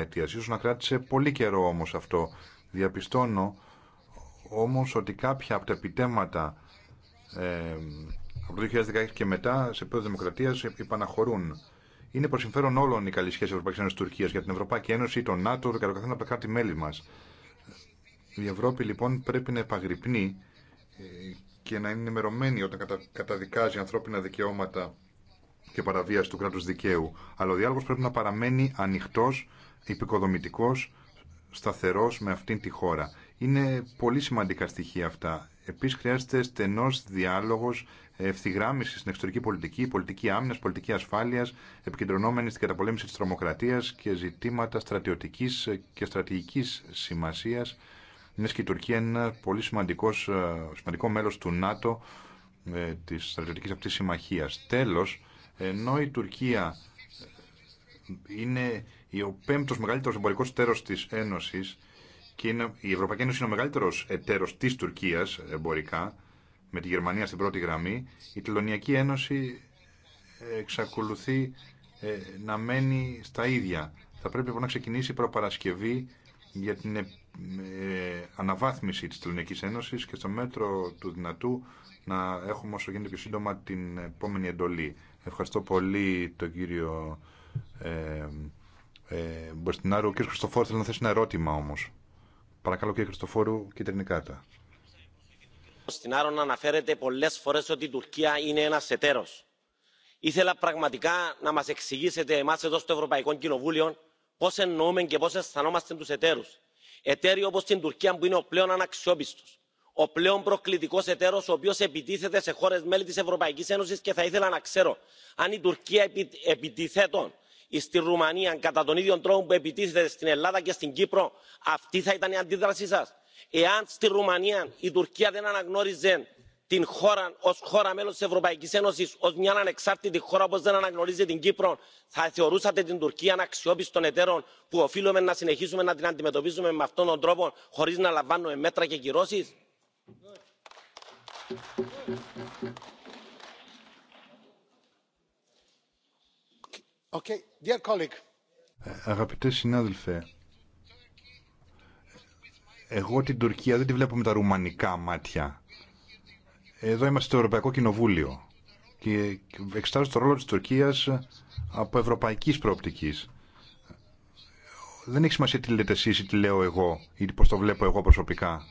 αιτίας. Ίσως να κράτησε πολύ καιρό όμω αυτό. Διαπιστώνω όμω ότι κάποια από τα επιτέματα από το 2016 και μετά σε επίπεδο δημοκρατία επαναχωρούν. Είναι προ συμφέρον όλων οι καλή σχέση Ευρωπαϊκή Ένωση Τουρκία για την Ευρωπαϊκή Ένωση, τον ΝΑΤΟ και το καθένα από τα κράτη-μέλη μα. Η Ευρώπη λοιπόν πρέπει να επαγρυπνεί ε, και να είναι ενημερωμένη όταν καταδικάζει ανθρώπινα δικαιώματα και παραβίαση του κράτου δικαίου. Αλλά ο διάλογο πρέπει να παραμένει ανοιχτό υπηκοδομητικό σταθερός με αυτήν τη χώρα. Είναι πολύ σημαντικά στοιχεία αυτά. Επίσης χρειάζεται στενός διάλογος, ευθυγράμμιση στην εξωτερική πολιτική, πολιτική άμυνας, πολιτική ασφάλειας, επικεντρωνόμενη στην καταπολέμηση της τρομοκρατίας και ζητήματα στρατιωτικής και στρατηγικής σημασίας. Είναι και η Τουρκία ένα πολύ ε, σημαντικό μέλος του ΝΑΤΟ, ε, της στρατιωτικής αυτής συμμαχίας. Τέλος, ενώ η Τουρκία ε, είναι ο πέμπτος μεγαλύτερος εμπορικός εταίρος της Ένωσης και η Ευρωπαϊκή Ένωση είναι ο μεγαλύτερος εταίρος της Τουρκίας εμπορικά, με τη Γερμανία στην πρώτη γραμμή, η Τελωνιακή Ένωση εξακολουθεί ε, να μένει στα ίδια. Θα πρέπει λοιπόν να ξεκινήσει η προπαρασκευή για την ε, αναβάθμιση της Τελωνιακής Ένωσης και στο μέτρο του δυνατού να έχουμε όσο γίνεται πιο σύντομα την επόμενη εντολή. Ευχαριστώ πολύ τον κύριο ε, ε, Ο κ. Χριστοφόρου θέλει να θέσει ένα ερώτημα όμω. Παρακαλώ, κ. Χριστοφόρου, κίτρινη κάρτα. Στην να αναφέρεται πολλέ φορέ ότι η Τουρκία είναι ένα εταίρο. Ήθελα πραγματικά να μα εξηγήσετε εμά εδώ στο Ευρωπαϊκό Κοινοβούλιο πώ εννοούμε και πώ αισθανόμαστε του εταίρου. Εταίροι όπω την Τουρκία που είναι ο πλέον αναξιόπιστο, ο πλέον προκλητικό εταίρο ο οποίο επιτίθεται σε χώρε μέλη τη Ευρωπαϊκή Ένωση και θα ήθελα να ξέρω αν η Τουρκία επι... επιτιθέτων στη Ρουμανία κατά τον ίδιο τρόπο που επιτίθεται στην Ελλάδα και στην Κύπρο, αυτή θα ήταν η αντίδρασή σα. Εάν στη Ρουμανία η Τουρκία δεν αναγνώριζε την χώρα ω χώρα μέλο τη Ευρωπαϊκή Ένωση, ω μια ανεξάρτητη χώρα όπω δεν αναγνωρίζει την Κύπρο, θα θεωρούσατε την Τουρκία αναξιόπιστον εταίρων που οφείλουμε να συνεχίσουμε να την αντιμετωπίζουμε με αυτόν τον τρόπο χωρί να λαμβάνουμε μέτρα και κυρώσει. Okay. Ε, αγαπητέ συνάδελφε, εγώ την Τουρκία δεν τη βλέπω με τα ρουμανικά μάτια. Εδώ είμαστε στο Ευρωπαϊκό Κοινοβούλιο και εξετάζω το ρόλο της Τουρκίας από ευρωπαϊκής προοπτικής. Δεν έχει σημασία τι λέτε εσείς ή τι λέω εγώ ή πώς το βλέπω εγώ προσωπικά.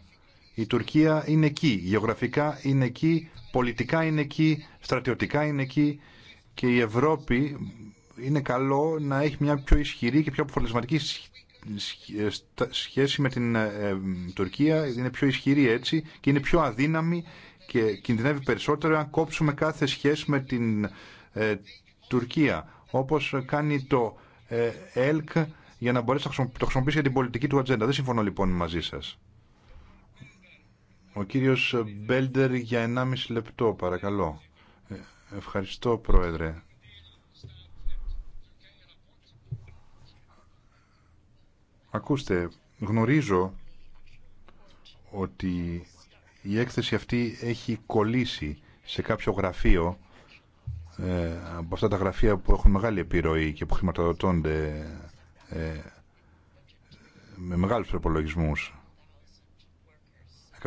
Η Τουρκία είναι εκεί, γεωγραφικά είναι εκεί, πολιτικά είναι εκεί, στρατιωτικά είναι εκεί και η Ευρώπη είναι καλό να έχει μια πιο ισχυρή και πιο αποφορτισματική ε, σχέση με την ε, Τουρκία. Είναι πιο ισχυρή έτσι και είναι πιο αδύναμη και κινδυνεύει περισσότερο αν κόψουμε κάθε σχέση με την ε, Τουρκία. Όπως κάνει το ε, ΕΛΚ για να μπορέσει να το χρησιμοποιήσει για την πολιτική του ατζέντα. Δεν συμφωνώ λοιπόν μαζί σας. Ο κύριος Μπέλντερ για 1,5 λεπτό παρακαλώ. Ευχαριστώ πρόεδρε. Ακούστε, γνωρίζω ότι η έκθεση αυτή έχει κολλήσει σε κάποιο γραφείο ε, από αυτά τα γραφεία που έχουν μεγάλη επιρροή και που χρηματοδοτώνται ε, με μεγάλους προπολογισμούς.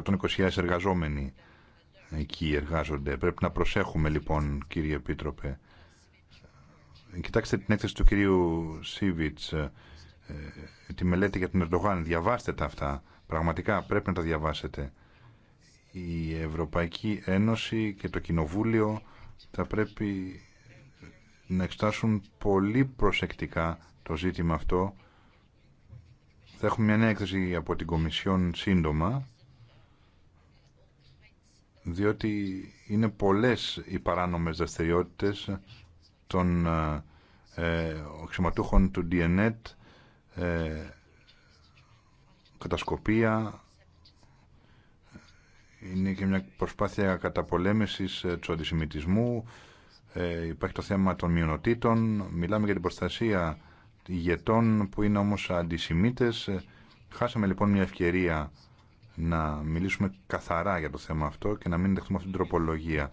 120.000 εργαζόμενοι εκεί εργάζονται. Πρέπει να προσέχουμε λοιπόν κύριε Επίτροπε. Ε, κοιτάξτε την έκθεση του κυρίου Σίβιτς ε, τη μελέτη για τον Ερντογάν. Διαβάστε τα αυτά. Πραγματικά πρέπει να τα διαβάσετε. Η Ευρωπαϊκή Ένωση και το Κοινοβούλιο θα πρέπει να εξτάσουν πολύ προσεκτικά το ζήτημα αυτό. Θα έχουμε μια νέα έκθεση από την Κομισιόν σύντομα, διότι είναι πολλές οι παράνομες δραστηριότητε των ε, ε, οξυματούχων του DNET ε, κατασκοπία είναι και μια προσπάθεια καταπολέμησης ε, του αντισημιτισμού ε, υπάρχει το θέμα των μειονοτήτων μιλάμε για την προστασία ηγετών που είναι όμως αντισημίτες ε, χάσαμε λοιπόν μια ευκαιρία να μιλήσουμε καθαρά για το θέμα αυτό και να μην δεχτούμε αυτήν την τροπολογία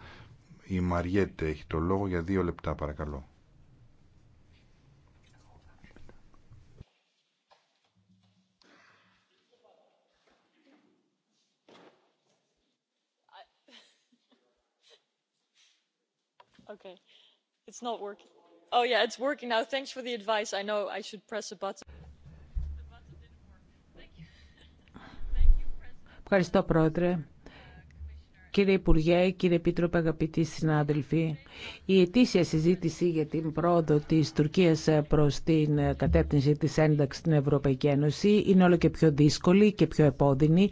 η Μαριέτε έχει το λόγο για δύο λεπτά παρακαλώ Okay. It's not working. Oh yeah, it's working now. Thanks for the advice. I know I should press a button. Ευχαριστώ, Πρόεδρε. Κύριε Υπουργέ, κύριε Επίτροπε, αγαπητοί συνάδελφοι, η ετήσια συζήτηση για την πρόοδο της Τουρκίας προς την κατεύθυνση της ένταξης στην Ευρωπαϊκή Ένωση είναι όλο και πιο δύσκολη και πιο επώδυνη.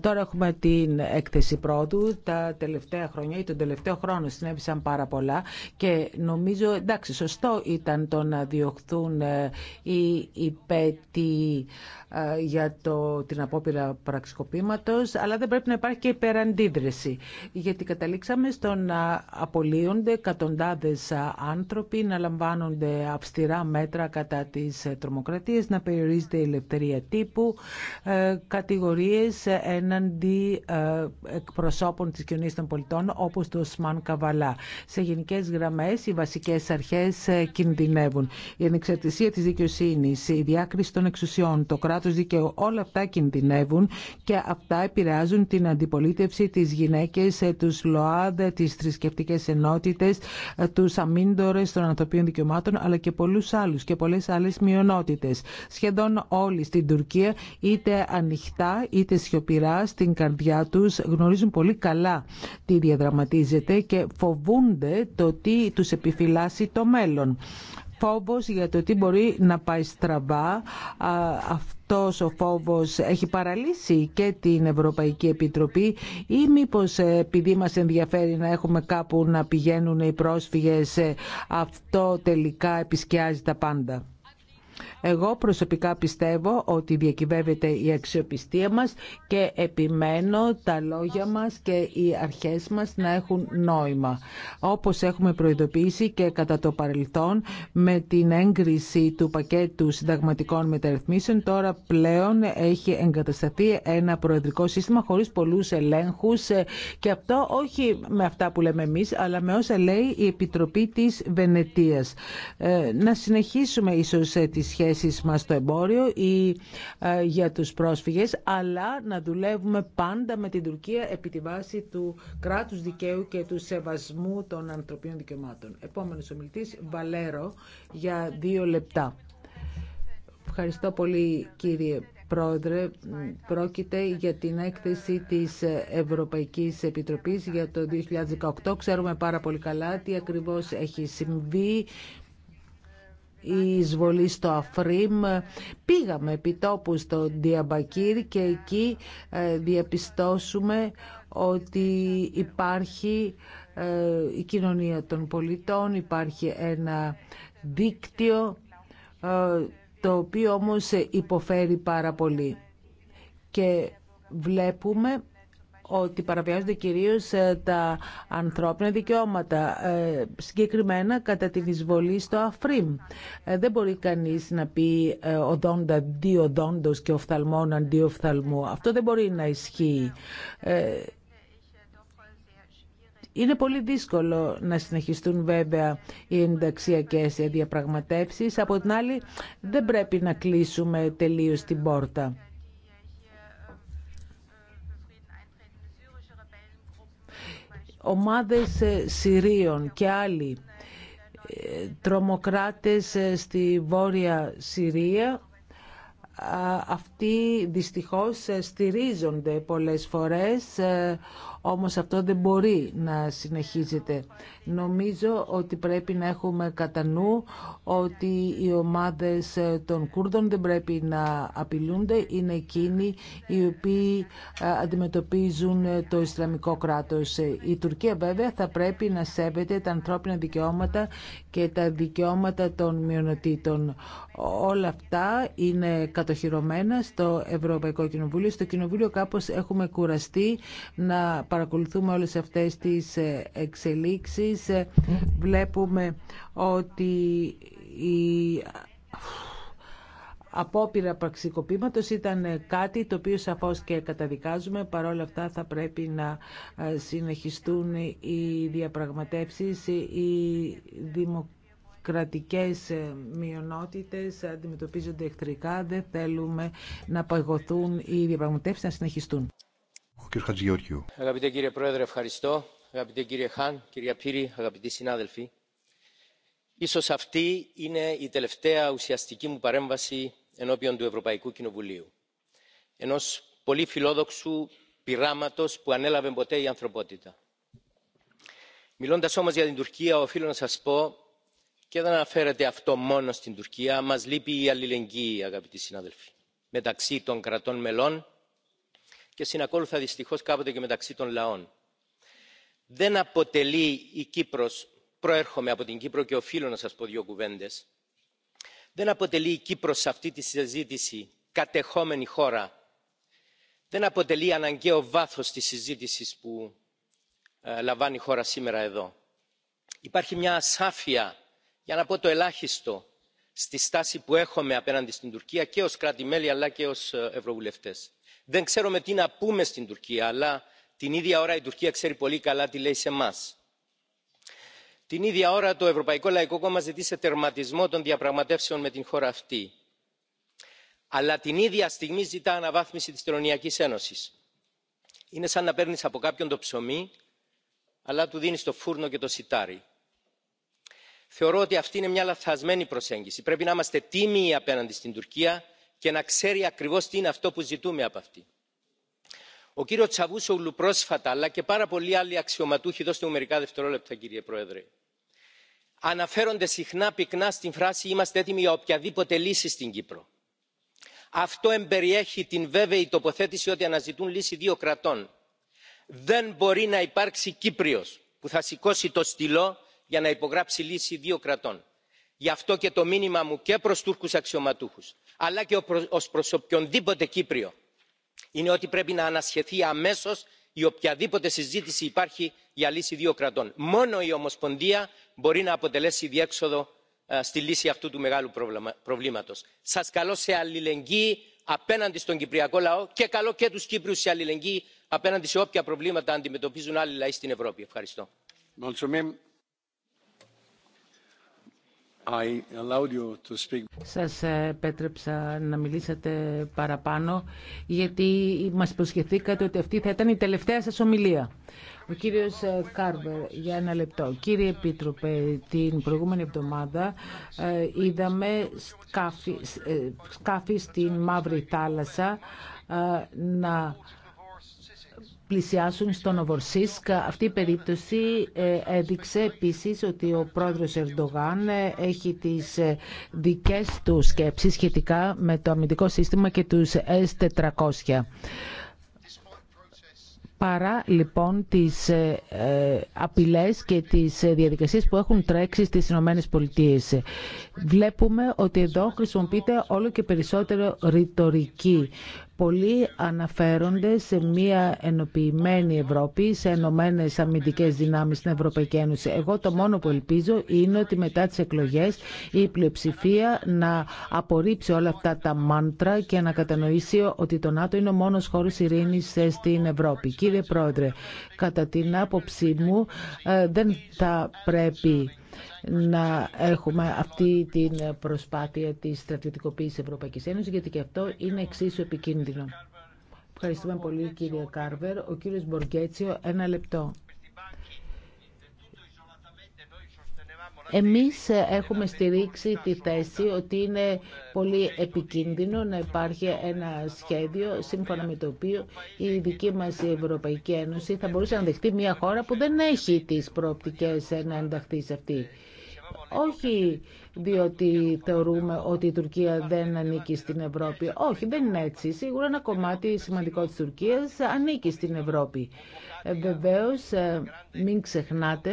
Τώρα έχουμε την έκθεση πρόοδου. Τα τελευταία χρόνια ή τον τελευταίο χρόνο συνέβησαν πάρα πολλά και νομίζω, εντάξει, σωστό ήταν το να διωχθούν ε, οι υπέτοι ε, για το, την απόπειρα πραξικοπήματος, αλλά δεν πρέπει να υπάρχει και υπεραντίδρυση. Γιατί καταλήξαμε στο να απολύονται εκατοντάδες άνθρωποι, να λαμβάνονται αυστηρά μέτρα κατά τι τρομοκρατίε, να περιορίζεται η ελευθερία τύπου, ε, κατηγορίες έναντι ε, εκπροσώπων της κοινωνίας των πολιτών, όπως το Σμαν Καβαλά. Σε γενικές γραμμές, οι βασικές αρχές ε, κινδυνεύουν. Η ανεξαρτησία της δικαιοσύνης, η διάκριση των εξουσιών, το κράτος δικαίου, όλα αυτά κινδυνεύουν και αυτά επηρεάζουν την αντιπολίτευση τη γυναίκα σε τους ΛΟΑΔ, ε, τις θρησκευτικέ ενότητες, ε, τους αμύντορες των ανθρωπίνων δικαιωμάτων, αλλά και πολλούς άλλους και πολλές άλλες μειονότητες. Σχεδόν όλοι στην Τουρκία, είτε ανοιχτά είτε σιωπηρά στην καρδιά τους, γνωρίζουν πολύ καλά τι διαδραματίζεται και φοβούνται το τι τους επιφυλάσσει το μέλλον φόβος για το τι μπορεί να πάει στραβά. Αυτός ο φόβος έχει παραλύσει και την Ευρωπαϊκή Επιτροπή ή μήπως ε, επειδή μας ενδιαφέρει να έχουμε κάπου να πηγαίνουν οι πρόσφυγες ε, αυτό τελικά επισκιάζει τα πάντα. Εγώ προσωπικά πιστεύω ότι διακυβεύεται η αξιοπιστία μας και επιμένω τα λόγια μας και οι αρχές μας να έχουν νόημα. Όπως έχουμε προειδοποιήσει και κατά το παρελθόν με την έγκριση του πακέτου συνταγματικών μεταρρυθμίσεων τώρα πλέον έχει εγκατασταθεί ένα προεδρικό σύστημα χωρίς πολλούς ελέγχους και αυτό όχι με αυτά που λέμε εμείς αλλά με όσα λέει η Επιτροπή της Βενετίας. Ε, να συνεχίσουμε ίσως ε, τη σχέση θέσεις μας στο εμπόριο ή ε, για τους πρόσφυγες, αλλά να δουλεύουμε πάντα με την Τουρκία επί τη βάση του κράτους δικαίου και του σεβασμού των ανθρωπίνων δικαιωμάτων. Επόμενος ομιλητής, Βαλέρο, για δύο λεπτά. Ευχαριστώ πολύ κύριε Πρόεδρε, πρόκειται για την έκθεση της Ευρωπαϊκής Επιτροπής για το 2018. Ξέρουμε πάρα πολύ καλά τι ακριβώς έχει συμβεί η εισβολή στο Αφρίμ. Πήγαμε επιτόπου στο Διαμπακύρ και εκεί ε, διαπιστώσουμε ότι υπάρχει ε, η κοινωνία των πολιτών, υπάρχει ένα δίκτυο ε, το οποίο όμως υποφέρει πάρα πολύ. Και βλέπουμε ότι παραβιάζονται κυρίως ε, τα ανθρώπινα δικαιώματα, ε, συγκεκριμένα κατά την εισβολή στο Αφρίμ. Ε, δεν μπορεί κανείς να πει οδόντα αντί οδόντος και οφθαλμόν αντί οφθαλμού. Αυτό δεν μπορεί να ισχύει. Είναι πολύ δύσκολο να συνεχιστούν βέβαια οι ενταξιακές διαπραγματεύσεις. Από την άλλη δεν πρέπει να κλείσουμε τελείως την πόρτα. ομάδες ε, Συρίων και άλλοι ε, τρομοκράτες ε, στη Βόρεια Συρία αυτοί δυστυχώς στηρίζονται πολλές φορές όμως αυτό δεν μπορεί να συνεχίζεται. Νομίζω ότι πρέπει να έχουμε κατά νου ότι οι ομάδες των Κούρδων δεν πρέπει να απειλούνται. Είναι εκείνοι οι οποίοι ε, αντιμετωπίζουν το Ισλαμικό κράτος. Η Τουρκία βέβαια θα πρέπει να σέβεται τα ανθρώπινα δικαιώματα και τα δικαιώματα των μειονοτήτων. Όλα αυτά είναι κατοχυρωμένα στο Ευρωπαϊκό Κοινοβούλιο. Στο Κοινοβούλιο κάπως έχουμε κουραστεί να παρακολουθούμε όλες αυτές τις ε, εξελίξεις. Ε, βλέπουμε ότι η απόπειρα πραξικοπήματος ήταν κάτι το οποίο σαφώς και καταδικάζουμε. Παρ' όλα αυτά θα πρέπει να ε, συνεχιστούν οι διαπραγματεύσεις, οι δημοκρατικές μειονότητες αντιμετωπίζονται εχθρικά. Δεν θέλουμε να παγωθούν οι διαπραγματεύσεις να συνεχιστούν κ. Χατζηγεωργιού. Αγαπητέ κύριε Πρόεδρε, ευχαριστώ. Αγαπητέ κύριε Χάν, κυρία Πύρη, αγαπητοί συνάδελφοι. Ίσως αυτή είναι η τελευταία ουσιαστική μου παρέμβαση ενώπιον του Ευρωπαϊκού Κοινοβουλίου. Ενός πολύ φιλόδοξου πειράματος που ανέλαβε ποτέ η ανθρωπότητα. Μιλώντας όμως για την Τουρκία, οφείλω να σας πω και δεν αναφέρεται αυτό μόνο στην Τουρκία, μας λείπει η αλληλεγγύη, αγαπητοί συνάδελφοι, μεταξύ των κρατών μελών και συνακόλουθα δυστυχώς κάποτε και μεταξύ των λαών. Δεν αποτελεί η Κύπρος, προέρχομαι από την Κύπρο και οφείλω να σας πω δύο κουβέντες, δεν αποτελεί η Κύπρος σε αυτή τη συζήτηση κατεχόμενη χώρα. Δεν αποτελεί αναγκαίο βάθος της συζήτησης που ε, λαμβάνει η χώρα σήμερα εδώ. Υπάρχει μια ασάφεια, για να πω το ελάχιστο, στη στάση που έχουμε απέναντι στην Τουρκία και ως κράτη-μέλη αλλά και ως ε, ευρωβουλευτές δεν ξέρουμε τι να πούμε στην τουρκία αλλά την ίδια ώρα η τουρκία ξέρει πολύ καλά τι λέει σε εμά. την ίδια ώρα το ευρωπαϊκό λαϊκό κόμμα ζήτησε τερματισμό των διαπραγματεύσεων με την χώρα αυτή αλλά την ίδια στιγμή ζητά αναβάθμιση της τελωνειακής ένωσης. είναι σαν να παίρνεις από κάποιον το ψωμί αλλά του δίνεις το φούρνο και το σιτάρι. θεωρώ ότι αυτή είναι μια λανθασμένη προσέγγιση. πρέπει να είμαστε τίμιοι απέναντι στην τουρκία και να ξέρει ακριβώ τι είναι αυτό που ζητούμε από αυτή. Ο κύριο Τσαβούσογλου πρόσφατα, αλλά και πάρα πολλοί άλλοι αξιωματούχοι, δώστε μου μερικά δευτερόλεπτα, κύριε Πρόεδρε, αναφέρονται συχνά πυκνά στην φράση Είμαστε έτοιμοι για οποιαδήποτε λύση στην Κύπρο. Αυτό εμπεριέχει την βέβαιη τοποθέτηση ότι αναζητούν λύση δύο κρατών. Δεν μπορεί να υπάρξει Κύπριος που θα σηκώσει το στυλό για να υπογράψει λύση δύο κρατών γι' αυτό και το μήνυμα μου και προς τούρκους αξιωματούχους αλλά και ως προς οποιονδήποτε κύπριο είναι ότι πρέπει να ανασχεθεί αμέσως η οποιαδήποτε συζήτηση υπάρχει για λύση δύο κρατών. μόνο η ομοσπονδία μπορεί να αποτελέσει διέξοδο ε, στη λύση αυτού του μεγάλου προβλήματος. σας καλώ σε αλληλεγγύη απέναντι στον κυπριακό λαό και καλώ και τους κύπριους σε αλληλεγγύη απέναντι σε όποια προβλήματα αντιμετωπίζουν άλλοι λαοί στην ευρώπη. ευχαριστώ. Σας ε, επέτρεψα να μιλήσατε παραπάνω γιατί μας προσχεθήκατε ότι αυτή θα ήταν η τελευταία σας ομιλία. Ο κύριος ε, Κάρβερ, για ένα λεπτό. Κύριε Επίτροπε, την προηγούμενη εβδομάδα ε, είδαμε σκάφη, σκάφη στην Μαύρη Θάλασσα να πλησιάσουν στο Νοβορσίσκ. Αυτή η περίπτωση ε, έδειξε επίσης ότι ο πρόεδρος Ερντογάν ε, έχει τις ε, δικές του σκέψεις σχετικά με το αμυντικό σύστημα και τους S-400. Παρά λοιπόν τις απειλές και τις διαδικασίες που έχουν τρέξει στις ΗΠΑ, Πολιτείες. Βλέπουμε ότι εδώ χρησιμοποιείται όλο και περισσότερο ρητορική Πολλοί αναφέρονται σε μια ενοποιημένη Ευρώπη, σε ενωμένε αμυντικέ δυνάμει στην Ευρωπαϊκή Ένωση. Εγώ το μόνο που ελπίζω είναι ότι μετά τι εκλογέ η πλειοψηφία να απορρίψει όλα αυτά τα μάντρα και να κατανοήσει ότι το ΝΑΤΟ είναι ο μόνο χώρο ειρήνη στην Ευρώπη. Κύριε Πρόεδρε, κατά την άποψή μου ε, δεν θα πρέπει να έχουμε αυτή την προσπάθεια της στρατιωτικοποίησης Ευρωπαϊκής Ένωσης, γιατί και αυτό είναι εξίσου επικίνδυνο. Ευχαριστούμε πολύ κύριε Κάρβερ. Ο κύριος Μποργέτσιο, ένα λεπτό. Εμείς έχουμε στηρίξει τη θέση ότι είναι πολύ επικίνδυνο να υπάρχει ένα σχέδιο σύμφωνα με το οποίο η δική μας Ευρωπαϊκή Ένωση θα μπορούσε να δεχτεί μια χώρα που δεν έχει τις προοπτικές να ενταχθεί σε αυτή. Όχι διότι θεωρούμε ότι η Τουρκία δεν ανήκει στην Ευρώπη. Όχι, δεν είναι έτσι. Σίγουρα ένα κομμάτι σημαντικό της Τουρκίας ανήκει στην Ευρώπη. Ε, βεβαίως, ε, μην ξεχνάτε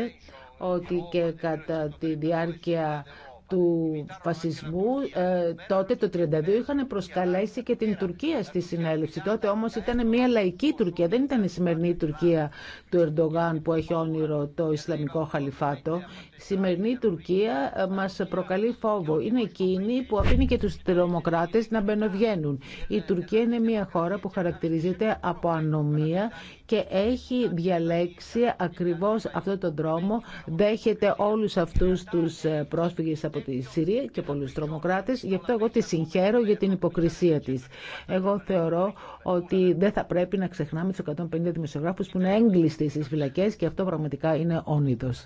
ότι και κατά τη διάρκεια του φασισμού, ε, τότε το 1932 είχαν προσκαλέσει και την Τουρκία στη συνέλευση. Τότε όμως ήταν μια λαϊκή Τουρκία, δεν ήταν η σημερινή Τουρκία του Ερντογάν που έχει όνειρο το Ισλαμικό Χαλιφάτο. Η σημερινή Τουρκία ε, μας προκαλεί φόβο. Είναι εκείνη που αφήνει και τους τρομοκράτες να μπαινοβγαίνουν. Η Τουρκία είναι μια χώρα που χαρακτηρίζεται από ανομία και έχει διαλέξει ακριβώς αυτό τον δρόμο. Δέχεται όλους αυτούς τους ε, πρόσφυγες από τη Συρία και πολλούς τρομοκράτες. Γι' αυτό εγώ τη συγχαίρω για την υποκρισία της. Εγώ θεωρώ ότι δεν θα πρέπει να ξεχνάμε τους 150 δημοσιογράφους που είναι έγκλειστοι στις φυλακές και αυτό πραγματικά είναι όνειδος.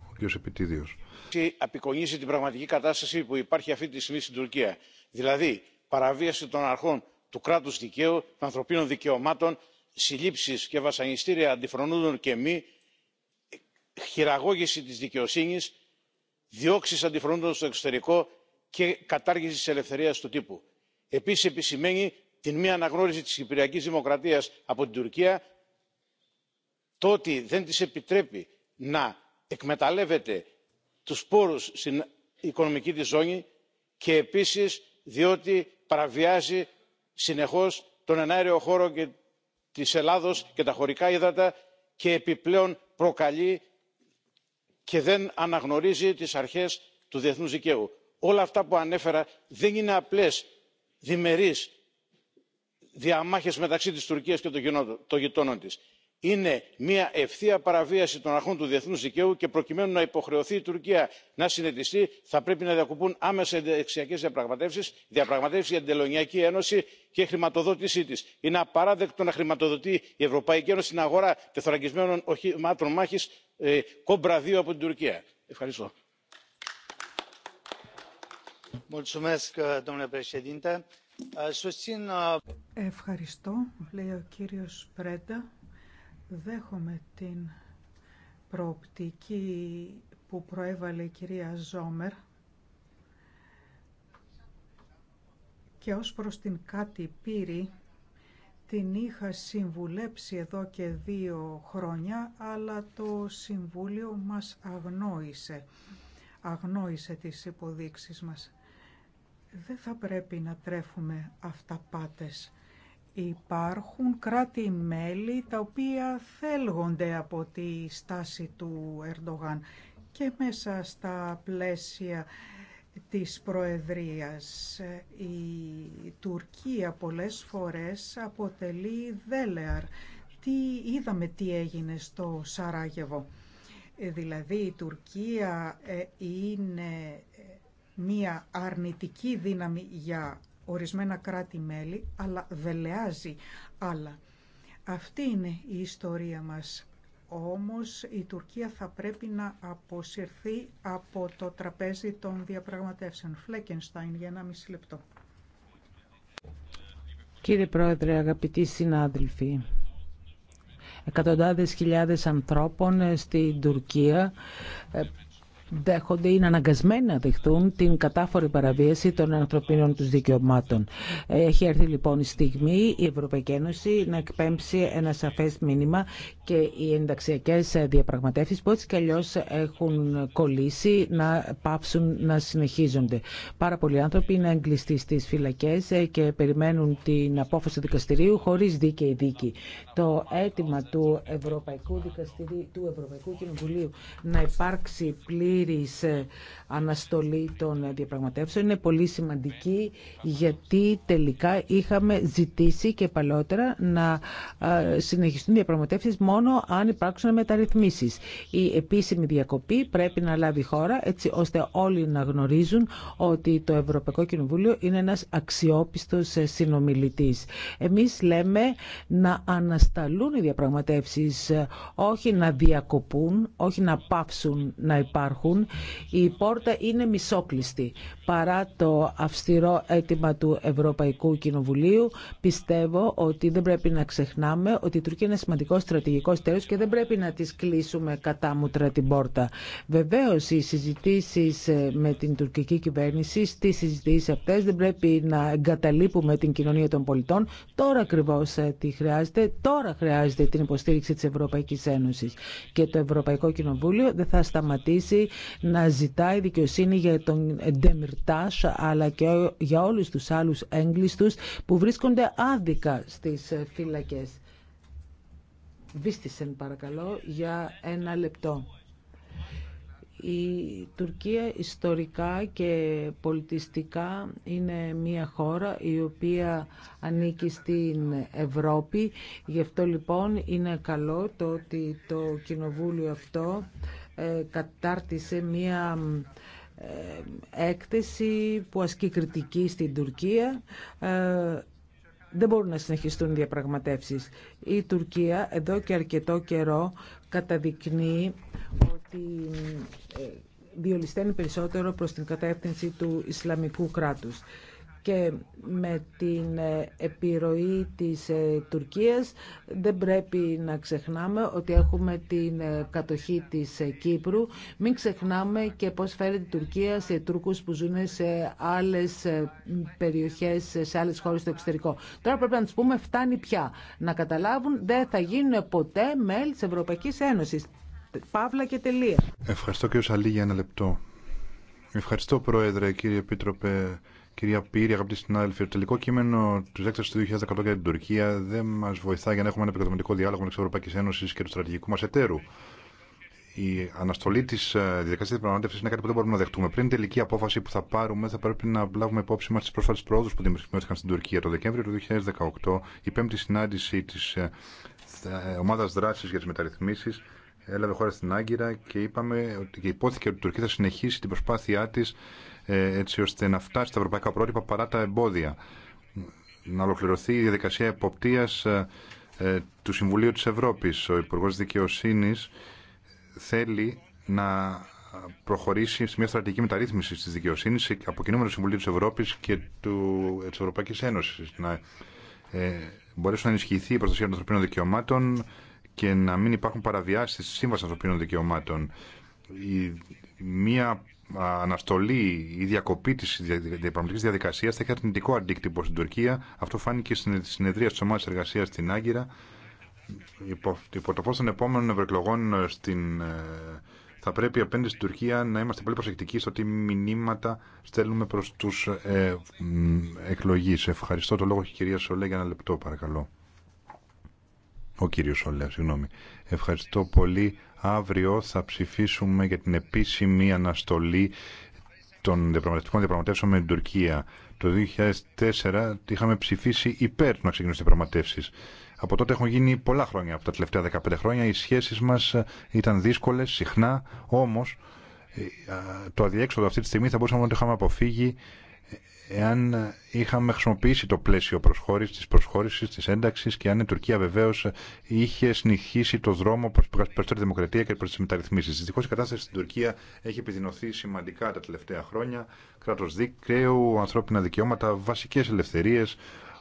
Ο κ. Επιτίδιος. Απεικονίζει την πραγματική κατάσταση που υπάρχει αυτή τη στιγμή στην Τουρκία. Δηλαδή, παραβίαση των αρχών του κράτους δικαίου, των ανθρωπίνων δικαιωμάτων συλλήψεις και βασανιστήρια αντιφρονούντων και μη χειραγώγηση της δικαιοσύνης διώξεις αντιφρονούντων στο εξωτερικό και κατάργηση της ελευθερίας του τύπου. επίσης επισημαίνει την μη αναγνώριση της κυπριακής δημοκρατίας από την τουρκία το ότι δεν της επιτρέπει να εκμεταλλεύεται τους πόρους στην οικονομική της ζώνη και επίσης διότι παραβιάζει συνεχώς τον εναέριο χώρο της ελλάδος και τα χωρικά ύδατα και επιπλέον προκαλεί και δεν αναγνωρίζει τις αρχές του διεθνούς δικαίου. όλα αυτά που ανέφερα δεν είναι απλές διμερείς διαμάχες μεταξύ της τουρκίας και των γειτόνων της είναι μια ευθεία παραβίαση των αρχών του διεθνούς δικαίου και προκειμένου να υποχρεωθεί η τουρκία να συνετιστεί θα πρέπει να διακοπούν άμεσα οι ενταξιακές διαπραγματεύσεις διαπραγματεύσεις για την τελωνειακή ένωση και η χρηματοδότησή της. είναι απαράδεκτο να χρηματοδοτεί η ευρωπαϊκή ένωση την αγορά τεθωρακισμένων οχημάτων μάχης ε, κόμπρα δύο από την τουρκία. ευχαριστώ. Ευχαριστώ, λέει Δέχομαι την προοπτική που προέβαλε η κυρία Ζόμερ και ως προς την Κάτι Πύρη την είχα συμβουλέψει εδώ και δύο χρόνια αλλά το Συμβούλιο μας αγνόησε, αγνόησε τις υποδείξεις μας. Δεν θα πρέπει να τρέφουμε αυταπάτες Υπάρχουν κράτη-μέλη τα οποία θέλγονται από τη στάση του Ερντογάν και μέσα στα πλαίσια της Προεδρίας. Η Τουρκία πολλές φορές αποτελεί δέλεαρ. Τι είδαμε τι έγινε στο Σαράγεβο. Ε, δηλαδή η Τουρκία ε, είναι ε, μία αρνητική δύναμη για ορισμένα κράτη-μέλη, αλλά δελεάζει άλλα. Αυτή είναι η ιστορία μας. Όμως η Τουρκία θα πρέπει να αποσυρθεί από το τραπέζι των διαπραγματεύσεων. Φλέκενστάιν για ένα μισή λεπτό. Κύριε Πρόεδρε, αγαπητοί συνάδελφοι, εκατοντάδες χιλιάδες ανθρώπων στην Τουρκία ε, δέχονται, είναι αναγκασμένοι να δεχτούν την κατάφορη παραβίαση των ανθρωπίνων τους δικαιωμάτων. Έχει έρθει λοιπόν η στιγμή η Ευρωπαϊκή Ένωση να εκπέμψει ένα σαφές μήνυμα και οι ενταξιακές διαπραγματεύσεις που έτσι κι αλλιώ έχουν κολλήσει να πάψουν να συνεχίζονται. Πάρα πολλοί άνθρωποι είναι εγκλειστοί στις φυλακές και περιμένουν την απόφαση του δικαστηρίου χωρίς δίκαιη δίκη. Το αίτημα του Ευρωπαϊκού, Δικαστηρίου, του Ευρωπαϊκού Κοινοβουλίου να υπάρξει πλήρη πλήρης ε, αναστολή των ε, διαπραγματεύσεων είναι πολύ σημαντική γιατί τελικά είχαμε ζητήσει και παλαιότερα να ε, συνεχιστούν διαπραγματεύσεις μόνο αν υπάρξουν μεταρρυθμίσεις. Η επίσημη διακοπή πρέπει να λάβει χώρα έτσι ώστε όλοι να γνωρίζουν ότι το Ευρωπαϊκό Κοινοβούλιο είναι ένας αξιόπιστος συνομιλητής. Εμείς λέμε να ανασταλούν οι διαπραγματεύσεις, όχι να διακοπούν, όχι να πάψουν να υπάρχουν η πόρτα είναι μισόκλειστη. Παρά το αυστηρό αίτημα του Ευρωπαϊκού Κοινοβουλίου, πιστεύω ότι δεν πρέπει να ξεχνάμε ότι η Τουρκία είναι σημαντικό στρατηγικό τέλο και δεν πρέπει να τη κλείσουμε κατά μουτρα την πόρτα. Βεβαίω, οι συζητήσει ε, με την τουρκική κυβέρνηση, στι συζητήσει αυτέ δεν πρέπει να εγκαταλείπουμε την κοινωνία των πολιτών. Τώρα ακριβώ ε, τι χρειάζεται, τώρα χρειάζεται την υποστήριξη τη Ευρωπαϊκή Ένωση. Και το Ευρωπαϊκό Κοινοβούλιο δεν θα σταματήσει να ζητάει δικαιοσύνη για τον Ντεμιρτάς αλλά και για όλους τους άλλους έγκλειστους που βρίσκονται άδικα στις φύλακες. Βίστησεν παρακαλώ για ένα λεπτό. Η Τουρκία ιστορικά και πολιτιστικά είναι μια χώρα η οποία ανήκει στην Ευρώπη. Γι' αυτό λοιπόν είναι καλό το ότι το κοινοβούλιο αυτό ε, κατάρτισε μία ε, έκθεση που ασκεί κριτική στην Τουρκία. Ε, δεν μπορούν να συνεχιστούν διαπραγματεύσεις. Η Τουρκία εδώ και αρκετό καιρό καταδεικνύει ότι διολυσταίνει περισσότερο προς την κατεύθυνση του Ισλαμικού κράτους και με την ε, επιρροή της ε, Τουρκίας δεν πρέπει να ξεχνάμε ότι έχουμε την ε, κατοχή της Κύπρου. Μην ξεχνάμε και πώς φέρεται η Τουρκία σε Τούρκους που ζουν σε άλλες περιοχές, σε άλλες χώρες στο εξωτερικό. Τώρα πρέπει να τους πούμε φτάνει πια. Να καταλάβουν δεν θα γίνουν ποτέ μέλη της Ευρωπαϊκής Ένωσης. Παύλα και τελεία. Ευχαριστώ κύριο Σαλή για ένα λεπτό. Ευχαριστώ Πρόεδρε, κύριε Επίτροπε. Κυρία Πύρη, αγαπητοί συνάδελφοι, το τελικό κείμενο τη έκταση του 2018 για την Τουρκία δεν μα βοηθά για να έχουμε ένα επικοδομητικό διάλογο μεταξύ Ευρωπαϊκή Ένωση και του στρατηγικού μα εταίρου. Η αναστολή τη ε, διαδικασία διαπραγμάτευση είναι κάτι που δεν μπορούμε να δεχτούμε. Πριν την τελική απόφαση που θα πάρουμε, θα πρέπει να λάβουμε υπόψη μα τι πρόσφατε πρόοδου που δημιουργήθηκαν στην Τουρκία. Το Δεκέμβριο του 2018, η πέμπτη συνάντηση τη ε, ε, ομάδα δράση για τι μεταρρυθμίσει έλαβε χώρα στην Άγκυρα και είπαμε και υπόθηκε ότι η Τουρκία θα συνεχίσει την προσπάθειά τη ε, έτσι ώστε να φτάσει στα ευρωπαϊκά πρότυπα παρά τα εμπόδια. Να ολοκληρωθεί η διαδικασία εποπτείας ε, ε, του Συμβουλίου τη Ευρώπη. Ο υπουργό δικαιοσύνη θέλει να προχωρήσει σε μια στρατηγική μεταρρύθμιση τη δικαιοσύνη από κοινού με το Συμβουλίο της Ευρώπης και τη της Ευρωπαϊκής Ένωσης. Να μπορέσουν να ενισχυθεί η προστασία των ανθρωπίνων δικαιωμάτων και να μην υπάρχουν παραβιάσεις τη σύμβαση Ανθρωπίνων Δικαιωμάτων. Η, μια αναστολή ή διακοπή τη διαπραγματική διαδικασία θα έχει αρνητικό αντίκτυπο στην Τουρκία. Αυτό φάνηκε στην συνεδρία τη ομάδα εργασία στην Άγκυρα. Υπό, υπό το φω των επόμενων ευρωεκλογών ε, στην, ε, θα πρέπει απέναντι στην Τουρκία να είμαστε πολύ προσεκτικοί στο τι μηνύματα στέλνουμε προ του ε, εκλογεί. Ευχαριστώ. Το λόγο έχει η κυρία Σολέ για ένα λεπτό, παρακαλώ. Ο κύριο Σολέ, συγγνώμη. Ευχαριστώ πολύ. Αύριο θα ψηφίσουμε για την επίσημη αναστολή των διαπραγματευτικών διαπραγματεύσεων με την Τουρκία. Το 2004 είχαμε ψηφίσει υπέρ του να ξεκινήσουν διαπραγματεύσει. Από τότε έχουν γίνει πολλά χρόνια, από τα τελευταία 15 χρόνια. Οι σχέσει μα ήταν δύσκολε, συχνά, όμω ε, το αδιέξοδο αυτή τη στιγμή θα μπορούσαμε να το είχαμε αποφύγει εάν είχαμε χρησιμοποιήσει το πλαίσιο προσχώρηση τη προσχώρηση, τη ένταξη και αν η Τουρκία βεβαίω είχε συνεχίσει το δρόμο προς περισσότερη δημοκρατία και προ τι μεταρρυθμίσει. Δυστυχώς η κατάσταση στην Τουρκία έχει επιδεινωθεί σημαντικά τα τελευταία χρόνια. Κράτος δικαίου, ανθρώπινα δικαιώματα, βασικέ ελευθερίε.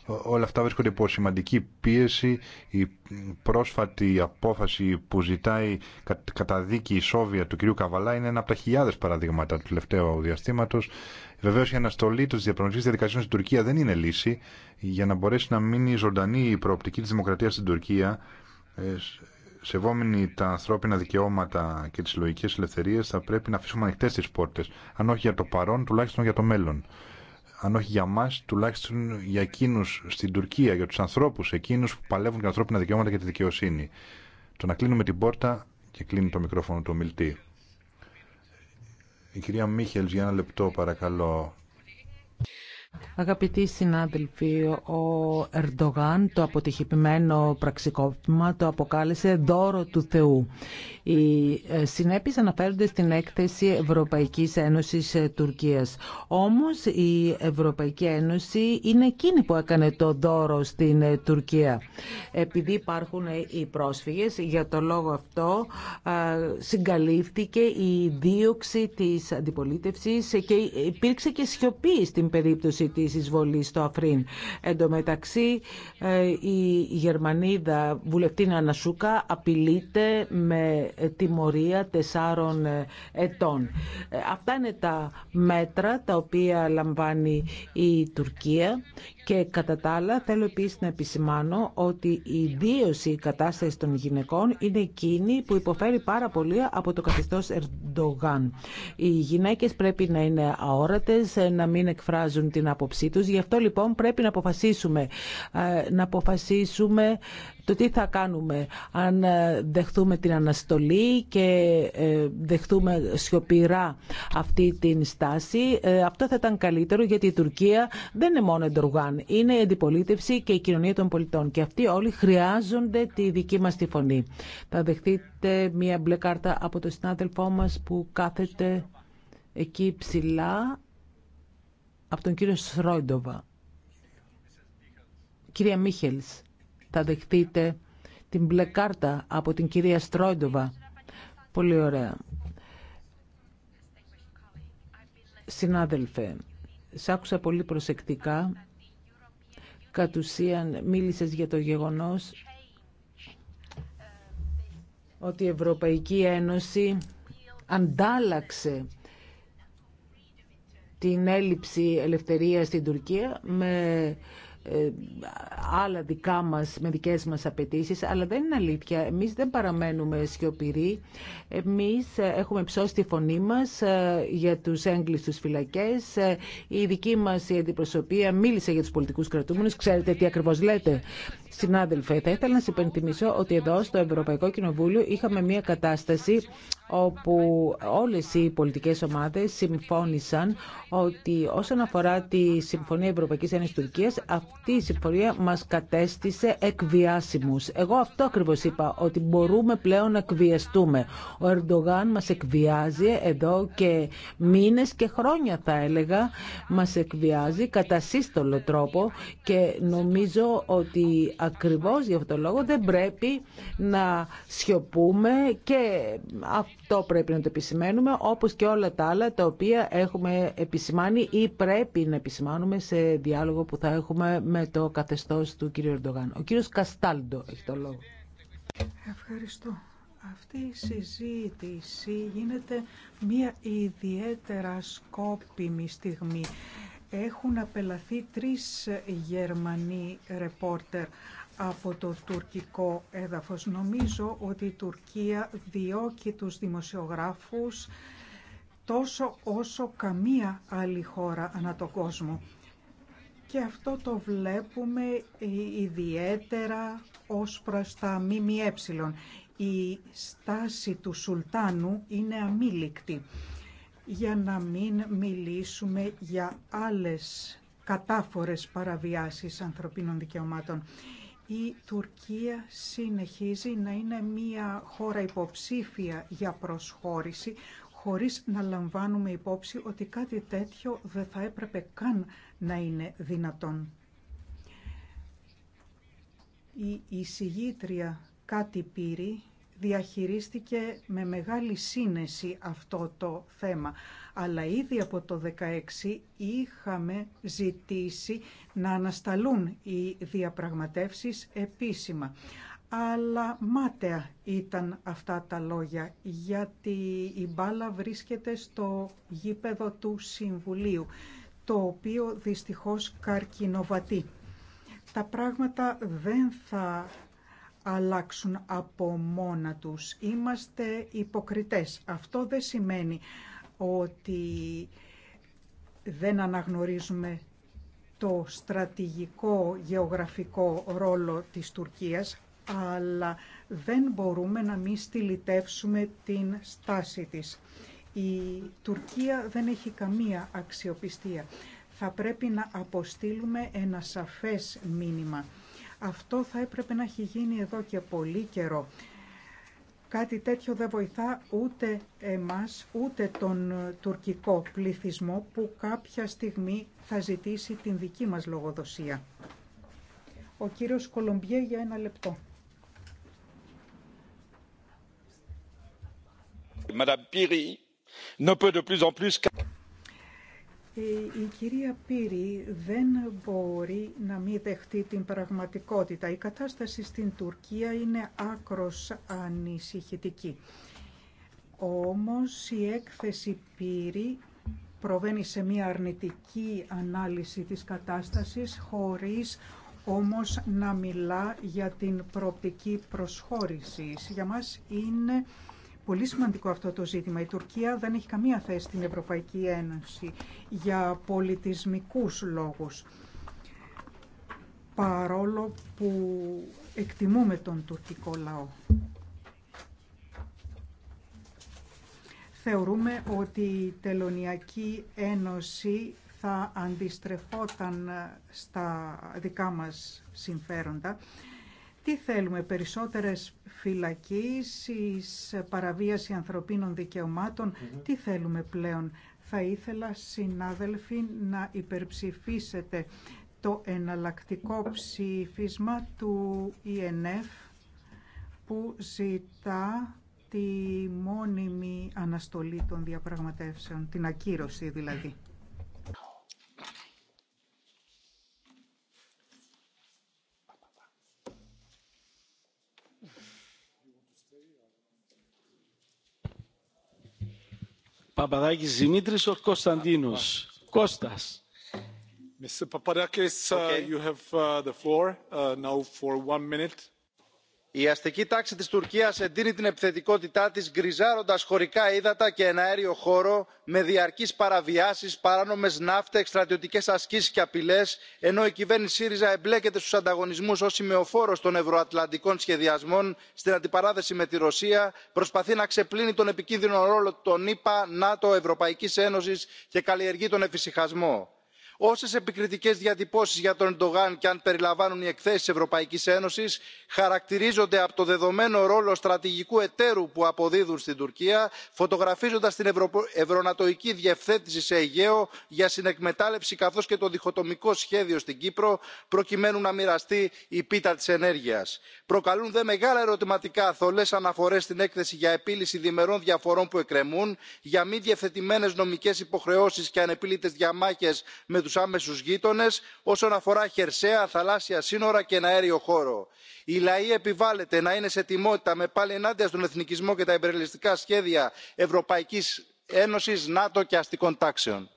όλα αυτά βρίσκονται υπό σημαντική πίεση. Η πρόσφατη απόφαση που ζητάει δίκη η Σόβια του κυρίου Καβαλά είναι ένα από τα χιλιάδε παραδείγματα του τελευταίου διαστήματο. Βεβαίω η αναστολή της διαπραγματευτική διαδικασία στην Τουρκία δεν είναι λύση. Για να μπορέσει να μείνει ζωντανή η προοπτική τη δημοκρατία στην Τουρκία, ε, σεβόμενοι τα ανθρώπινα δικαιώματα και τι λογικέ ελευθερίε, θα πρέπει να αφήσουμε ανοιχτέ τι πόρτε. Αν όχι για το παρόν, τουλάχιστον για το μέλλον. Αν όχι για εμά, τουλάχιστον για εκείνου στην Τουρκία, για του ανθρώπου, εκείνου που παλεύουν για ανθρώπινα δικαιώματα και τη δικαιοσύνη. Το να κλείνουμε την πόρτα και κλείνει το μικρόφωνο του ομιλητή. Η κυρία Μίχελς, για ένα λεπτό παρακαλώ. Αγαπητοί συνάδελφοι, ο Ερντογάν το αποτυχημένο πραξικόπημα το αποκάλεσε δώρο του Θεού. Οι ε, συνέπειε αναφέρονται στην έκθεση Ευρωπαϊκής Ένωσης ε, Τουρκίας. Όμως η Ευρωπαϊκή Ένωση είναι εκείνη που έκανε το δώρο στην ε, Τουρκία. Επειδή υπάρχουν οι πρόσφυγες, για το λόγο αυτό συγκαλύφθηκε η δίωξη της αντιπολίτευση και υπήρξε και σιωπή στην περίπτωση της εισβολή στο Αφρίν. Εν τω μεταξύ η Γερμανίδα βουλευτή Ανασούκα απειλείται με τιμωρία τεσσάρων ε, ετών. Ε, αυτά είναι τα μέτρα τα οποία λαμβάνει η Τουρκία και κατά τα άλλα θέλω επίσης να επισημάνω ότι η δίωση η κατάσταση των γυναικών είναι εκείνη που υποφέρει πάρα πολύ από το καθεστώς Ερντογάν. Οι γυναίκες πρέπει να είναι αόρατες, να μην εκφράζουν την άποψή τους. Γι' αυτό λοιπόν πρέπει να αποφασίσουμε, ε, να αποφασίσουμε το τι θα κάνουμε αν ε, δεχθούμε την αναστολή και ε, δεχθούμε σιωπηρά αυτή την στάση. Αυτό θα ήταν καλύτερο γιατί η Τουρκία δεν είναι μόνο Ερντογάν είναι η αντιπολίτευση και η κοινωνία των πολιτών. Και αυτοί όλοι χρειάζονται τη δική μας τη φωνή. Θα δεχτείτε μία μπλε κάρτα από το συνάδελφό μας που κάθεται εκεί ψηλά από τον κύριο Σρόιντοβα. Κυρία Μίχελς, θα δεχτείτε την μπλε κάρτα από την κυρία Στρόιντοβα. Πολύ ωραία. Συνάδελφε, σ' άκουσα πολύ προσεκτικά κατ' ουσίαν μίλησες για το γεγονός ότι η Ευρωπαϊκή Ένωση αντάλλαξε την έλλειψη ελευθερίας στην Τουρκία με ε, άλλα δικά μας, με δικές μας απαιτήσεις αλλά δεν είναι αλήθεια. Εμείς δεν παραμένουμε σιωπηροί. Εμείς ε, έχουμε ψώσει τη φωνή μας ε, για τους έγκλειστους φυλακές. Η δική μας η αντιπροσωπεία μίλησε για τους πολιτικούς κρατούμενους. Ξέρετε τι ακριβώς λέτε. Συνάδελφε, θα ήθελα να σας υπενθυμίσω ότι εδώ στο Ευρωπαϊκό Κοινοβούλιο είχαμε μια κατάσταση όπου όλες οι πολιτικές ομάδες συμφώνησαν ότι όσον αφορά τη Συμφωνία Ευρωπαϊκής Ένωσης Τουρκίας, αυτή η συμφωνία μας κατέστησε εκβιάσιμους. Εγώ αυτό ακριβώς είπα, ότι μπορούμε πλέον να εκβιαστούμε. Ο Ερντογάν μας εκβιάζει εδώ και μήνες και χρόνια θα έλεγα, μας εκβιάζει κατά σύστολο τρόπο και νομίζω ότι ακριβώς γι' αυτό το λόγο δεν πρέπει να σιωπούμε και αυτό το πρέπει να το επισημαίνουμε, όπως και όλα τα άλλα τα οποία έχουμε επισημάνει ή πρέπει να επισημάνουμε σε διάλογο που θα έχουμε με το καθεστώς του κ. Ερντογάν. Ο κ. Καστάλντο έχει το λόγο. Ευχαριστώ. Αυτή η συζήτηση γίνεται μια ιδιαίτερα σκόπιμη στιγμή. Έχουν απελαθεί τρεις Γερμανοί ρεπόρτερ από το τουρκικό έδαφος. Νομίζω ότι η Τουρκία διώκει τους δημοσιογράφους τόσο όσο καμία άλλη χώρα ανά τον κόσμο. Και αυτό το βλέπουμε ιδιαίτερα ως προς τα ΜΜΕ. Η στάση του Σουλτάνου είναι αμήλικτη. Για να μην μιλήσουμε για άλλες κατάφορες παραβιάσεις ανθρωπίνων δικαιωμάτων η Τουρκία συνεχίζει να είναι μια χώρα υποψήφια για προσχώρηση χωρίς να λαμβάνουμε υπόψη ότι κάτι τέτοιο δεν θα έπρεπε καν να είναι δυνατόν. Η εισηγήτρια κάτι Πύρη διαχειρίστηκε με μεγάλη σύνεση αυτό το θέμα αλλά ήδη από το 2016 είχαμε ζητήσει να ανασταλούν οι διαπραγματεύσεις επίσημα. Αλλά μάταια ήταν αυτά τα λόγια, γιατί η μπάλα βρίσκεται στο γήπεδο του Συμβουλίου, το οποίο δυστυχώς καρκινοβατεί. Τα πράγματα δεν θα αλλάξουν από μόνα τους. Είμαστε υποκριτές. Αυτό δεν σημαίνει ότι δεν αναγνωρίζουμε το στρατηγικό γεωγραφικό ρόλο της Τουρκίας, αλλά δεν μπορούμε να μην στυλιτεύσουμε την στάση της. Η Τουρκία δεν έχει καμία αξιοπιστία. Θα πρέπει να αποστείλουμε ένα σαφές μήνυμα. Αυτό θα έπρεπε να έχει γίνει εδώ και πολύ καιρό. Κάτι τέτοιο δεν βοηθά ούτε εμάς, ούτε τον τουρκικό πληθυσμό που κάποια στιγμή θα ζητήσει την δική μας λογοδοσία. Ο κύριος Κολομπιέ για ένα λεπτό. Η κυρία Πύρη δεν μπορεί να μην δεχτεί την πραγματικότητα. Η κατάσταση στην Τουρκία είναι άκρος ανησυχητική. Όμως η έκθεση Πύρη προβαίνει σε μια αρνητική ανάλυση της κατάστασης χωρίς όμως να μιλά για την προοπτική προσχώρηση. Για μας είναι πολύ σημαντικό αυτό το ζήτημα. Η Τουρκία δεν έχει καμία θέση στην Ευρωπαϊκή Ένωση για πολιτισμικούς λόγους. Παρόλο που εκτιμούμε τον τουρκικό λαό. Θεωρούμε ότι η Τελωνιακή Ένωση θα αντιστρεφόταν στα δικά μας συμφέροντα τι θέλουμε, περισσότερες φυλακίσεις, παραβίαση ανθρωπίνων δικαιωμάτων, τι θέλουμε πλέον. Θα ήθελα, συνάδελφοι, να υπερψηφίσετε το εναλλακτικό ψήφισμα του ΙΕΝΕΦ που ζητά τη μόνιμη αναστολή των διαπραγματεύσεων, την ακύρωση δηλαδή. Papadakis Dimitris ο Konstantinos? Kostas. Mr. Papadakis, you have the floor now for one minute η αστική τάξη της τουρκίας εντείνει την επιθετικότητά της γκριζάροντας χωρικά ύδατα και ένα αέριο χώρο με διαρκείς παραβιάσεις παράνομες ναύτες στρατιωτικές ασκήσεις και απειλές ενώ η κυβέρνηση σύριζα εμπλέκεται στους ανταγωνισμούς ως σημεοφόρος των ευρωατλαντικών σχεδιασμών στην αντιπαράθεση με τη ρωσία προσπαθεί να ξεπλύνει τον επικίνδυνο ρόλο των ηπα νατο ευρωπαϊκής ένωσης και καλλιεργεί τον εφησυχασμό. Όσε επικριτικέ διατυπώσεις για τον ερντογάν και αν περιλαμβάνουν οι εκθέσεις Ευρωπαϊκή Ένωση χαρακτηρίζονται από το δεδομένο ρόλο στρατηγικού εταίρου που αποδίδουν στην τουρκία φωτογραφίζοντα την ευρωνατοϊκή διευθέτηση σε αιγαίο για συνεκμετάλλευση καθώ και το διχοτομικό σχέδιο στην κύπρο προκειμένου να μοιραστεί η πίτα τη ενέργεια. προκαλούν δε μεγάλα ερωτηματικά θολές αναφορέ στην έκθεση για επίλυση διμερών διαφορών που εκκρεμούν για μη διευθετημένες νομικέ υποχρεώσει και ανεπίλητε διαμάχες με στους άμεσους γείτονες όσον αφορά χερσαία θαλάσσια σύνορα και ένα αέριο χώρο. η λαή επιβάλλεται να είναι σε τιμότητα με πάλι ενάντια στον εθνικισμό και τα υπερελιστικά σχέδια ευρωπαϊκής ένωσης νάτο και αστικών τάξεων.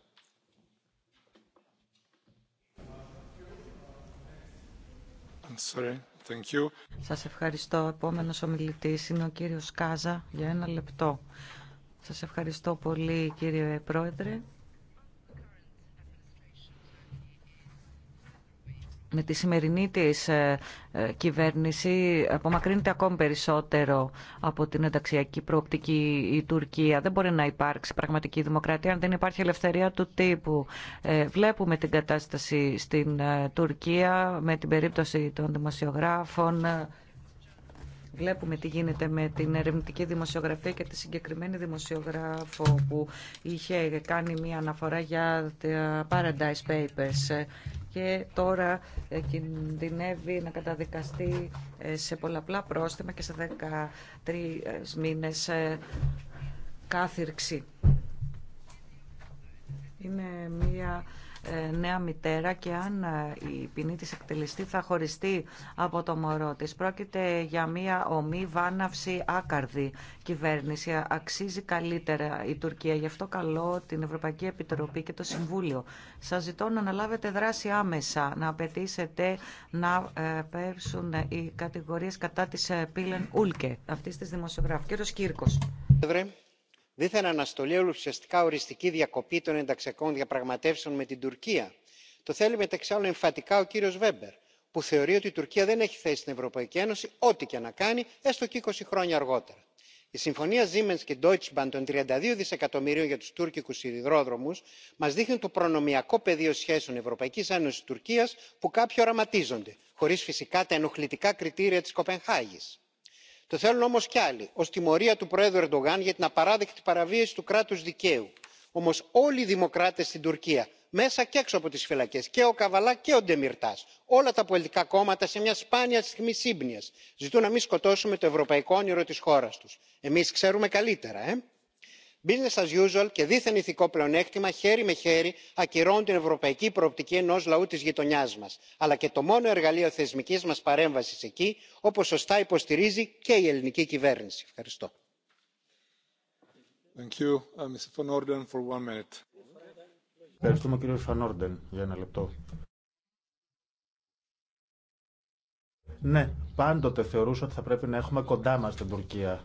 Σας ευχαριστώ. Επόμενος ομιλητής είναι ο κύριος Κάζα για ένα λεπτό. Σας ευχαριστώ πολύ κύριε Πρόεδρε. με τη σημερινή της ε, ε, κυβέρνηση απομακρύνεται ακόμη περισσότερο από την ενταξιακή προοπτική η Τουρκία. Δεν μπορεί να υπάρξει πραγματική δημοκρατία αν δεν υπάρχει ελευθερία του τύπου. Ε, βλέπουμε την κατάσταση στην Τουρκία με την περίπτωση των δημοσιογράφων. Βλέπουμε τι γίνεται με την ερευνητική δημοσιογραφία και τη συγκεκριμένη δημοσιογράφο που είχε κάνει μία αναφορά για Paradise Papers και τώρα ε, κινδυνεύει να καταδικαστεί ε, σε πολλαπλά πρόσθεμα και σε 13 ε, μήνες κάθυρξη. Είναι μία ε, νέα μητέρα και αν ε, η ποινή της εκτελεστή θα χωριστεί από το μωρό της. Πρόκειται για μια ομή βάναυση άκαρδη κυβέρνηση. Αξίζει καλύτερα η Τουρκία. Γι' αυτό καλώ την Ευρωπαϊκή Επιτροπή και το Συμβούλιο. Σας ζητώ να αναλάβετε δράση άμεσα, να απαιτήσετε να ε, πέρσουν οι κατηγορίες κατά της Πίλεν Ούλκε, αυτής της δημοσιογράφου. Κύριος Κύρκος δίθεν αναστολή αλλά ουσιαστικά οριστική διακοπή των ενταξιακών διαπραγματεύσεων με την τουρκία. το θέλει μεταξύ άλλων εμφατικά ο κύριος βέμπερ που θεωρεί ότι η τουρκία δεν έχει θέση στην ευρωπαϊκή ένωση ό,τι και να κάνει έστω και είκοσι χρόνια αργότερα. η συμφωνία siemens και deutsche bahn των τριάντα δύο δισεκατομμυρίων για τους τούρκικους σιδηρόδρομους μας δείχνει το προνομιακό πεδίο σχέσεων ευρωπαϊκής ένωσης τουρκίας που κάποιοι οραματίζονται χωρίς φυσικά τα ενοχλητικά κριτήρια της κοπενχάγης το θέλουν όμως κι άλλοι ως τιμωρία του προέδρου ερντογάν για την απαράδεκτη παραβίαση του κράτους δικαίου. όμως όλοι οι δημοκράτες στην τουρκία μέσα και έξω από τις φυλακές και ο καβαλά και ο ντεμιρτάς όλα τα πολιτικά κόμματα σε μια σπάνια στιγμή σύμπνοιας ζητούν να μην σκοτώσουμε το ευρωπαϊκό όνειρο της χώρας τους. εμείς ξέρουμε καλύτερα ε! business as usual και δίθεν ηθικό πλεονέκτημα χέρι με χέρι ακυρώνουν την ευρωπαϊκή προοπτική ενό λαού τη γειτονιά μα αλλά και το μόνο εργαλείο θεσμική μα παρέμβαση εκεί όπω σωστά υποστηρίζει και η ελληνική κυβέρνηση. ευχαριστώ. Uh, Ευχαριστούμε κύριο Φανόρντεν για ένα λεπτό. Ναι, πάντοτε θεωρούσα ότι θα πρέπει να έχουμε κοντά μας την Τουρκία.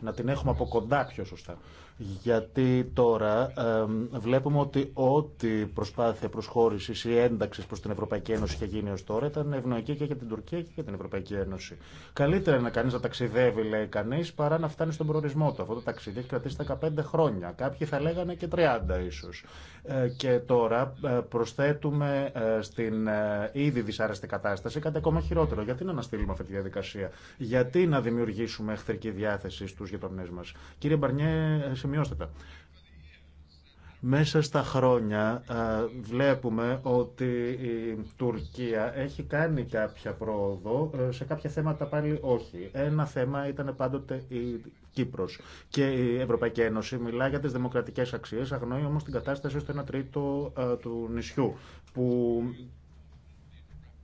Να την έχουμε από κοντά πιο σωστά γιατί τώρα βλέπουμε ότι ό,τι προσπάθεια προσχώρηση ή ένταξη προ την Ευρωπαϊκή Ένωση είχε γίνει ω τώρα ήταν ευνοϊκή και για την Τουρκία και για την Ευρωπαϊκή Ένωση. Καλύτερα να κανεί να ταξιδεύει, λέει κανείς, παρά να φτάνει στον προορισμό του. Αυτό το ταξίδι έχει κρατήσει 15 χρόνια. Κάποιοι θα λέγανε και 30 ίσω. Ε, και τώρα ε, προσθέτουμε ε, στην ε, ήδη δυσάρεστη κατάσταση κάτι ακόμα χειρότερο. Γιατί να αναστείλουμε αυτή τη διαδικασία. Γιατί να δημιουργήσουμε εχθρική διάθεση στου γειτονέ μα. Κύριε Μπαρνιέ, σημειώστε τα. Μέσα στα χρόνια βλέπουμε ότι η Τουρκία έχει κάνει κάποια πρόοδο, ε, σε κάποια θέματα πάλι όχι. Ένα θέμα ήταν πάντοτε η Κύπρος και η Ευρωπαϊκή Ένωση μιλά για τις δημοκρατικές αξίες, αγνοεί όμως την κατάσταση στο 1 τρίτο του νησιού, που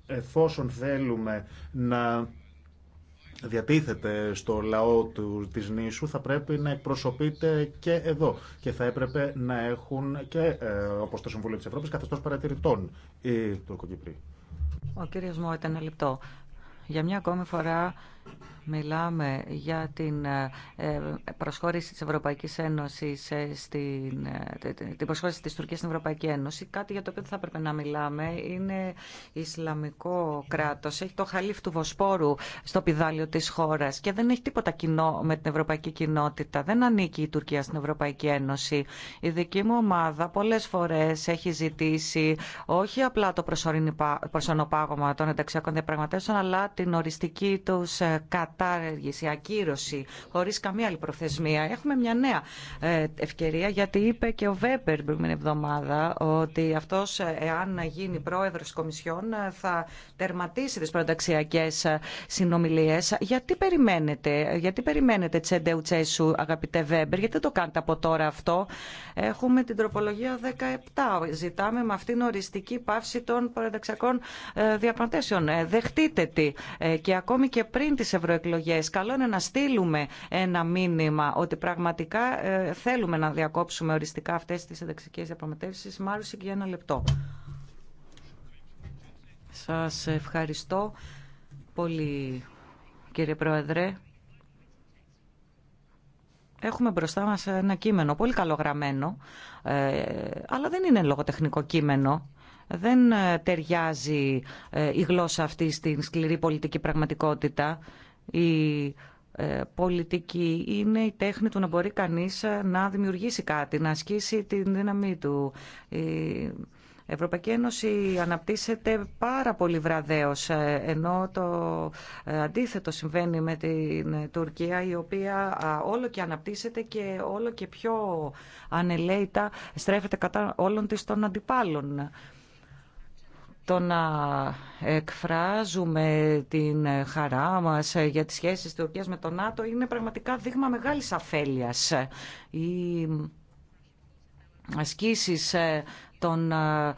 εφόσον θέλουμε να διατίθεται στο λαό του, της νήσου θα πρέπει να εκπροσωπείται και εδώ και θα έπρεπε να έχουν και ε, όπως το Συμβούλιο της Ευρώπης καθεστώς παρατηρητών οι τουρκοκυπροί. Ο κύριος Μό, ήταν λεπτό. Για μια ακόμη φορά μιλάμε για την ε, ε, προσχώρηση της Ευρωπαϊκής Ένωσης ε, στην, την προσχώρηση της Τουρκίας στην Ευρωπαϊκή Ένωση κάτι για το οποίο θα έπρεπε να μιλάμε είναι Ισλαμικό κράτος έχει το χαλίφ του Βοσπόρου στο πιδάλιο της χώρας και δεν έχει τίποτα κοινό με την Ευρωπαϊκή Κοινότητα δεν ανήκει η Τουρκία στην Ευρωπαϊκή Ένωση η δική μου ομάδα πολλές φορές έχει ζητήσει όχι απλά το προσωρινό πάγωμα των ενταξιακών διαπραγματεύσεων αλλά την οριστική τους κατάσταση κατάργηση, ακύρωση, χωρί καμία άλλη προθεσμία. Έχουμε μια νέα ε, ευκαιρία γιατί είπε και ο Βέμπερ την εβδομάδα ότι αυτό ε, εάν γίνει πρόεδρο τη Κομισιόν ε, θα τερματίσει τι προταξιακέ συνομιλίε. Γιατί περιμένετε, γιατί περιμένετε τσεντεου τσέσου αγαπητέ Βέμπερ, γιατί το κάνετε από τώρα αυτό. Έχουμε την τροπολογία 17. Ζητάμε με αυτήν οριστική πάυση των πρωταξιακών διαπραγματεύσεων. Δεχτείτε τι. Και ακόμη και πριν τις ευρωεκλογές Καλό είναι να στείλουμε ένα μήνυμα ότι πραγματικά ε, θέλουμε να διακόψουμε οριστικά αυτέ τι ενταξικέ διαπραγματεύσει. Μάρουση για ένα λεπτό. Σας ευχαριστώ πολύ κύριε Πρόεδρε. Έχουμε μπροστά μας ένα κείμενο, πολύ καλογραμμένο, ε, αλλά δεν είναι λογοτεχνικό κείμενο. Δεν ε, ταιριάζει η γλώσσα αυτή στην σκληρή πολιτική πραγματικότητα η ε, πολιτική είναι η τέχνη του να μπορεί κανείς ε, να δημιουργήσει κάτι, να ασκήσει την δύναμή του. Η Ευρωπαϊκή Ένωση αναπτύσσεται πάρα πολύ βραδέως, ε, ενώ το αντίθετο συμβαίνει με την Τουρκία, η οποία όλο και αναπτύσσεται και όλο και πιο ανελέητα στρέφεται κατά όλων της των αντιπάλων το να εκφράζουμε την χαρά μας για τις σχέσεις της Τουρκίας με τον ΝΑΤΟ είναι πραγματικά δείγμα μεγάλης αφέλειας. Οι ασκήσεις ε, των ε,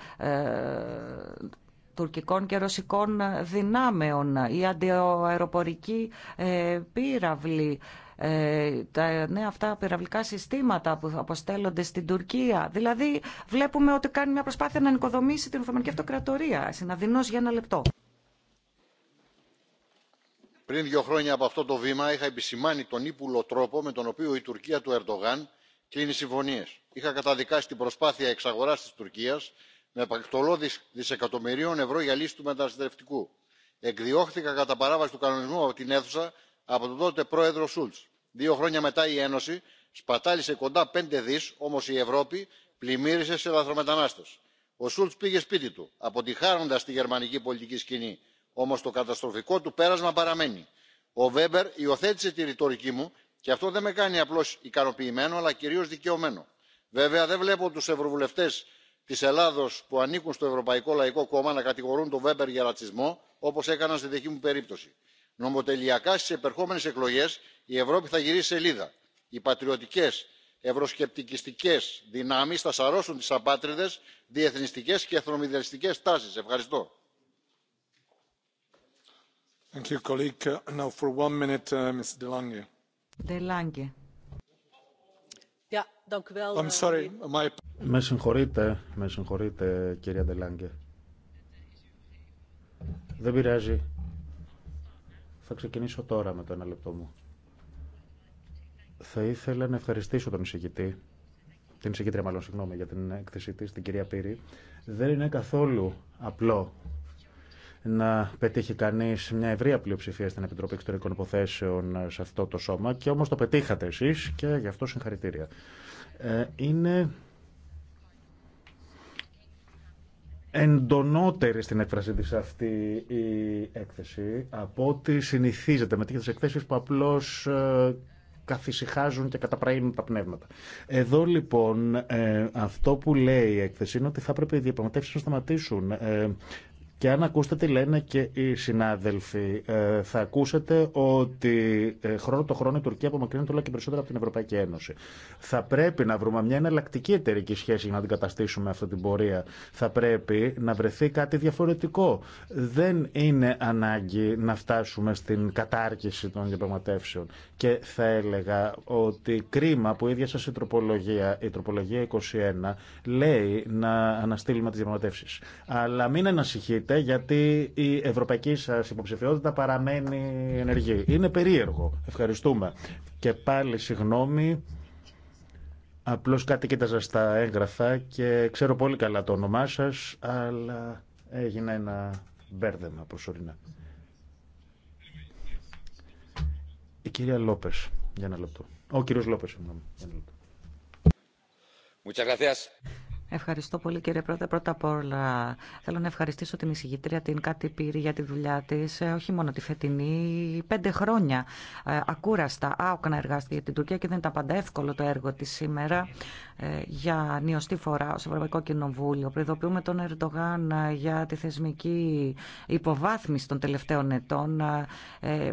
τουρκικών και ρωσικών δυνάμεων, η αντιοαεροπορική ε, πύραυλη, ε, τα νέα αυτά πυραυλικά συστήματα που αποστέλλονται στην Τουρκία. Δηλαδή βλέπουμε ότι κάνει μια προσπάθεια να νοικοδομήσει την Οθωμανική Αυτοκρατορία. Συναδεινός για ένα λεπτό. Πριν δύο χρόνια από αυτό το βήμα είχα επισημάνει τον ύπουλο τρόπο με τον οποίο η Τουρκία του Ερντογάν κλείνει συμφωνίε. Είχα καταδικάσει την προσπάθεια εξαγορά τη Τουρκία με επακτολό δισεκατομμυρίων ευρώ για λύση του μεταναστευτικού. Εκδιώχθηκα κατά παράβαση του κανονισμού από την αίθουσα από τον τότε πρόεδρο σουλτ. δύο χρόνια μετά η ένωση σπατάλησε κοντά πέντε δι όμως η ευρώπη πλημμύρισε σε λαθρομετανάστες. ο σουλτ πήγε σπίτι του αποτυχάνοντα τη γερμανική πολιτική σκηνή όμω το καταστροφικό του πέρασμα παραμένει. ο βέμπερ υιοθέτησε τη ρητορική μου και αυτό δεν με κάνει απλώ ικανοποιημένο αλλά κυρίω δικαιωμένο. βέβαια δεν βλέπω του ευρωβουλευτέ τη Ελλάδο που ανήκουν στο ευρωπαϊκό λαϊκό κόμμα να κατηγορούν τον βέμπερ για ρατσισμό όπω έκαναν στη δική μου περίπτωση νομοτελειακά στι επερχόμενε εκλογέ η ευρώπη θα γυρίσει σελίδα. οι πατριωτικέ ευρωσκεπτικιστικέ δυνάμει θα σαρώσουν τι απάτριδε διεθνιστικέ και εθνομηδενιστικέ τάσει. ευχαριστώ. Eh, με συγχωρείτε, Δεν πειράζει. Θα ξεκινήσω τώρα με το ένα λεπτό μου. Θα ήθελα να ευχαριστήσω τον εισηγητή, την εισηγήτρια μάλλον, συγγνώμη, για την έκθεσή της, την κυρία Πύρη. Δεν είναι καθόλου απλό να πετύχει κανείς μια ευρεία πλειοψηφία στην Επιτροπή Εξωτερικών Υποθέσεων σε αυτό το σώμα και όμως το πετύχατε εσείς και γι' αυτό συγχαρητήρια. Ε, είναι εντονότερη στην έκφρασή της αυτή η έκθεση από ό,τι συνηθίζεται με τέτοιες εκθέσεις που απλώς ε, καθησυχάζουν και καταπραίνουν τα πνεύματα. Εδώ λοιπόν ε, αυτό που λέει η έκθεση είναι ότι θα πρέπει οι διαπραγματεύσει να σταματήσουν. Ε, και αν ακούσετε τι λένε και οι συνάδελφοι, ε, θα ακούσετε ότι ε, χρόνο το χρόνο η Τουρκία απομακρύνεται όλο και περισσότερο από την Ευρωπαϊκή Ένωση. Θα πρέπει να βρούμε μια εναλλακτική εταιρική σχέση για να αντικαταστήσουμε αυτή την πορεία. Θα πρέπει να βρεθεί κάτι διαφορετικό. Δεν είναι ανάγκη να φτάσουμε στην κατάρκηση των διαπραγματεύσεων. Και θα έλεγα ότι κρίμα που η ίδια σα η τροπολογία, η τροπολογία 21, λέει να αναστείλουμε τι διαπραγματεύσει. Αλλά μην ανασυχείτε γιατί η ευρωπαϊκή σα υποψηφιότητα παραμένει ενεργή. Είναι περίεργο. Ευχαριστούμε. Και πάλι συγγνώμη. Απλώς κάτι κοίταζα στα έγγραφα και ξέρω πολύ καλά το όνομά σας, αλλά έγινε ένα μπέρδεμα προσωρινά. Η κυρία Λόπες, για ένα λεπτό. Ο κύριος Λόπες, συγγνώμη. Για ένα Ευχαριστώ πολύ κύριε Πρόεδρε. Πρώτα απ' όλα θέλω να ευχαριστήσω την εισηγητρία, την Κάτι Πύρη για τη δουλειά της, ε, όχι μόνο τη φετινή, πέντε χρόνια ε, ακούραστα, άοκνα εργάστηκε για την Τουρκία και δεν ήταν πάντα εύκολο το έργο της σήμερα ε, για νιωστή φορά ω Ευρωπαϊκό Κοινοβούλιο. Προειδοποιούμε τον Ερντογάν για τη θεσμική υποβάθμιση των τελευταίων ετών,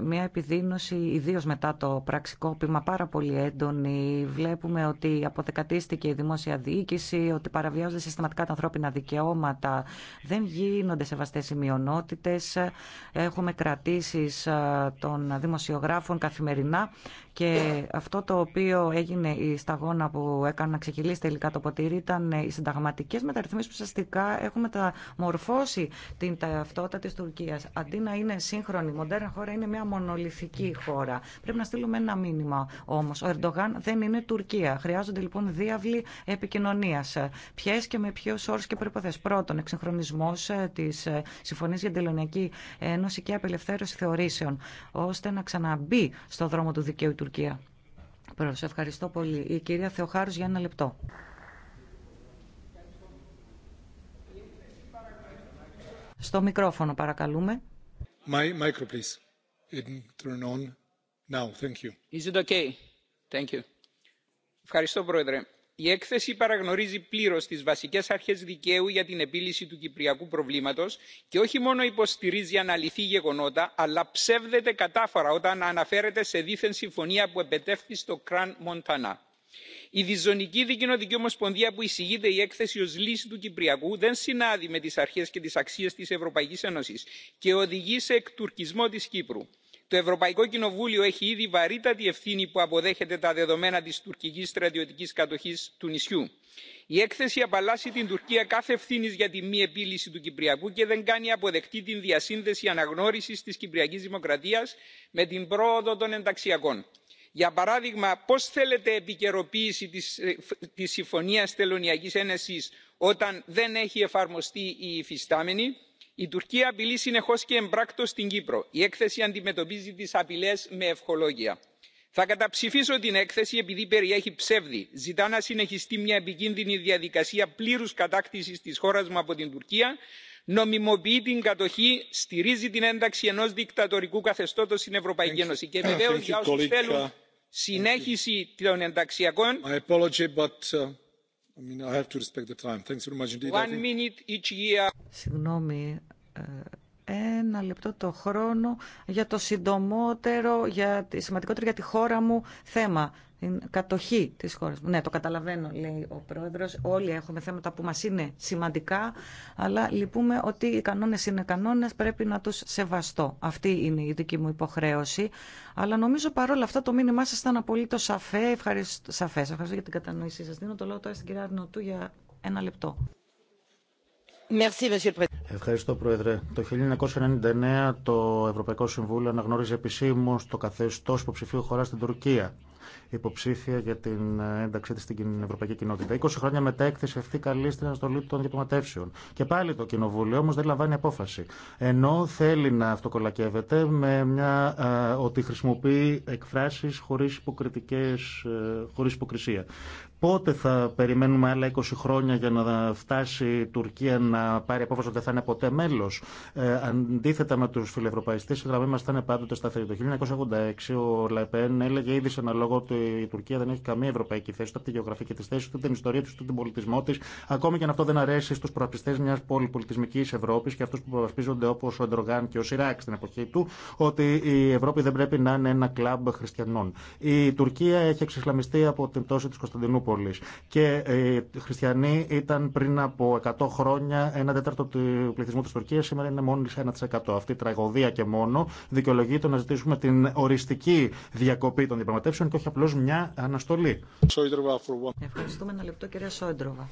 μια επιδείνωση ιδίω μετά το πραξικόπημα πάρα πολύ έντονη. Βλέπουμε ότι αποδεκατίστηκε η δημόσια διοίκηση, ότι παραβιάζονται συστηματικά τα ανθρώπινα δικαιώματα, δεν γίνονται σεβαστέ οι μειονότητε. έχουμε κρατήσει ε, των δημοσιογράφων καθημερινά και αυτό το οποίο έγινε η σταγόνα που έκανε να ξεκυλήσει τελικά το ποτήρι ήταν οι συνταγματικέ μεταρρυθμίσει που ουσιαστικά έχουν μεταμορφώσει την ταυτότητα τη Τουρκία. Αντί να είναι σύγχρονη, μοντέρνα χώρα, είναι μια μονολυθική χώρα. Πρέπει να στείλουμε ένα μήνυμα όμω. Ο Ερντογάν δεν είναι Τουρκία. Χρειάζονται λοιπόν διάβλη επικοινωνία. Ποιε και με ποιου όρου και προποθέσει. Πρώτον, εξυγχρονισμό ε, τη ε, Συμφωνία για την Τελωνιακή Ένωση και απελευθέρωση θεωρήσεων, ώστε να ξαναμπεί στο δρόμο του δικαίου η Τουρκία. Σε ευχαριστώ πολύ. Η κυρία Θεοχάρου για ένα λεπτό. Στο μικρόφωνο παρακαλούμε. My micro, please. It turn on now. Thank you. Is it okay? Thank you. Ευχαριστώ, Πρόεδρε η έκθεση παραγνωρίζει πλήρως τις βασικές αρχές δικαίου για την επίλυση του κυπριακού προβλήματος και όχι μόνο υποστηρίζει αναλυθή γεγονότα αλλά ψεύδεται κατάφορα όταν αναφέρεται σε δίθεν συμφωνία που επετεύχθη στο κραν μοντανά. η διζωνική δικοινοτική ομοσπονδία που εισηγείται η έκθεση ως λύση του κυπριακού δεν συνάδει με τις αρχές και τις αξίες της ευρωπαϊκής ένωσης και οδηγεί σε εκτουρκισμό της κύπρου το ευρωπαϊκό κοινοβούλιο έχει ήδη βαρύτατη ευθύνη που αποδέχεται τα δεδομένα της τουρκικής στρατιωτικής κατοχής του νησιού. η έκθεση απαλλάσσει την τουρκία κάθε ευθύνη για τη μη επίλυση του κυπριακού και δεν κάνει αποδεκτή την διασύνδεση αναγνώρισης της κυπριακής δημοκρατίας με την πρόοδο των ενταξιακών. για παράδειγμα πώς θέλετε επικαιροποίηση της, ε, της συμφωνίας τελωνειακής ένεσης όταν δεν έχει εφαρμοστεί η υφιστάμενη; η τουρκία απειλεί συνεχώ και εμπράκτο την κύπρο. η έκθεση αντιμετωπίζει τι απειλέ με ευχολόγια. θα καταψηφίσω την έκθεση επειδή περιέχει ψεύδι. ζητά να συνεχιστεί μια επικίνδυνη διαδικασία πλήρου κατάκτηση τη χώρα μου από την τουρκία νομιμοποιεί την κατοχή στηρίζει την ένταξη ενό δικτατορικού καθεστώτο στην ευρωπαϊκή ένωση. και βεβαίω για όσου θέλουν συνέχιση των ενταξιακών Συγγνώμη, ε, ένα λεπτό το χρόνο για το συντομότερο, για, σημαντικότερο για τη χώρα μου θέμα την κατοχή χώρα μου. Ναι, το καταλαβαίνω, λέει ο πρόεδρο. Όλοι έχουμε θέματα που μα είναι σημαντικά, αλλά λυπούμε ότι οι κανόνε είναι κανόνε πρέπει να του σεβαστώ. Αυτή είναι η δική μου υποχρέωση. Αλλά νομίζω παρόλα αυτά το μήνυμά σα ήταν απολύτω σαφέ. Ευχαριστώ, σαφές. Ευχαριστώ για την κατανόησή σα. Δίνω το λόγο τώρα στην κυρία Αρνοτού για ένα λεπτό. Ευχαριστώ, Πρόεδρε. Το 1999 το Ευρωπαϊκό Συμβούλιο αναγνώριζε επισήμω το καθεστώ υποψηφίου χώρα στην Τουρκία υποψήφια για την ένταξή τη στην Ευρωπαϊκή Κοινότητα. 20 χρόνια μετά έκθεση αυτή καλεί στην αναστολή των διαπραγματεύσεων. Και πάλι το Κοινοβούλιο όμω δεν λαμβάνει απόφαση. Ενώ θέλει να αυτοκολακεύεται με μια, ότι χρησιμοποιεί εκφράσει χωρί ε, χωρίς υποκρισία. Πότε θα περιμένουμε άλλα 20 χρόνια για να φτάσει η Τουρκία να πάρει απόφαση ότι θα είναι ποτέ μέλο. Ε, αντίθετα με του φιλευρωπαϊστέ, η γραμμή μα θα είναι πάντοτε σταθερή. Το 1986 ο Λαϊπέν έλεγε ήδη σε ένα λόγο ότι η Τουρκία δεν έχει καμία ευρωπαϊκή θέση, ούτε από τη γεωγραφική τη θέση, ούτε την ιστορία τη, ούτε τον πολιτισμό τη. Ακόμη και αν αυτό δεν αρέσει στου προαπιστέ μια πολυπολιτισμική Ευρώπη και αυτού που προασπίζονται όπω ο Εντρογάν και ο Σιράκ στην εποχή του, ότι η Ευρώπη δεν πρέπει να είναι ένα κλαμπ χριστιανών. Η Τουρκία έχει εξισλαμιστεί από την πτώση τη Κωνσταντινούπολη και ε, οι χριστιανοί ήταν πριν από 100 χρόνια ένα τέταρτο του πληθυσμού τη Τουρκία, σήμερα είναι μόνο 1%. Αυτή η τραγωδία και μόνο δικαιολογεί το να ζητήσουμε την οριστική διακοπή των διαπραγματεύσεων και όχι απλώ μια αναστολή. Ευχαριστούμε ένα λεπτό, κυρία Σόντροβα.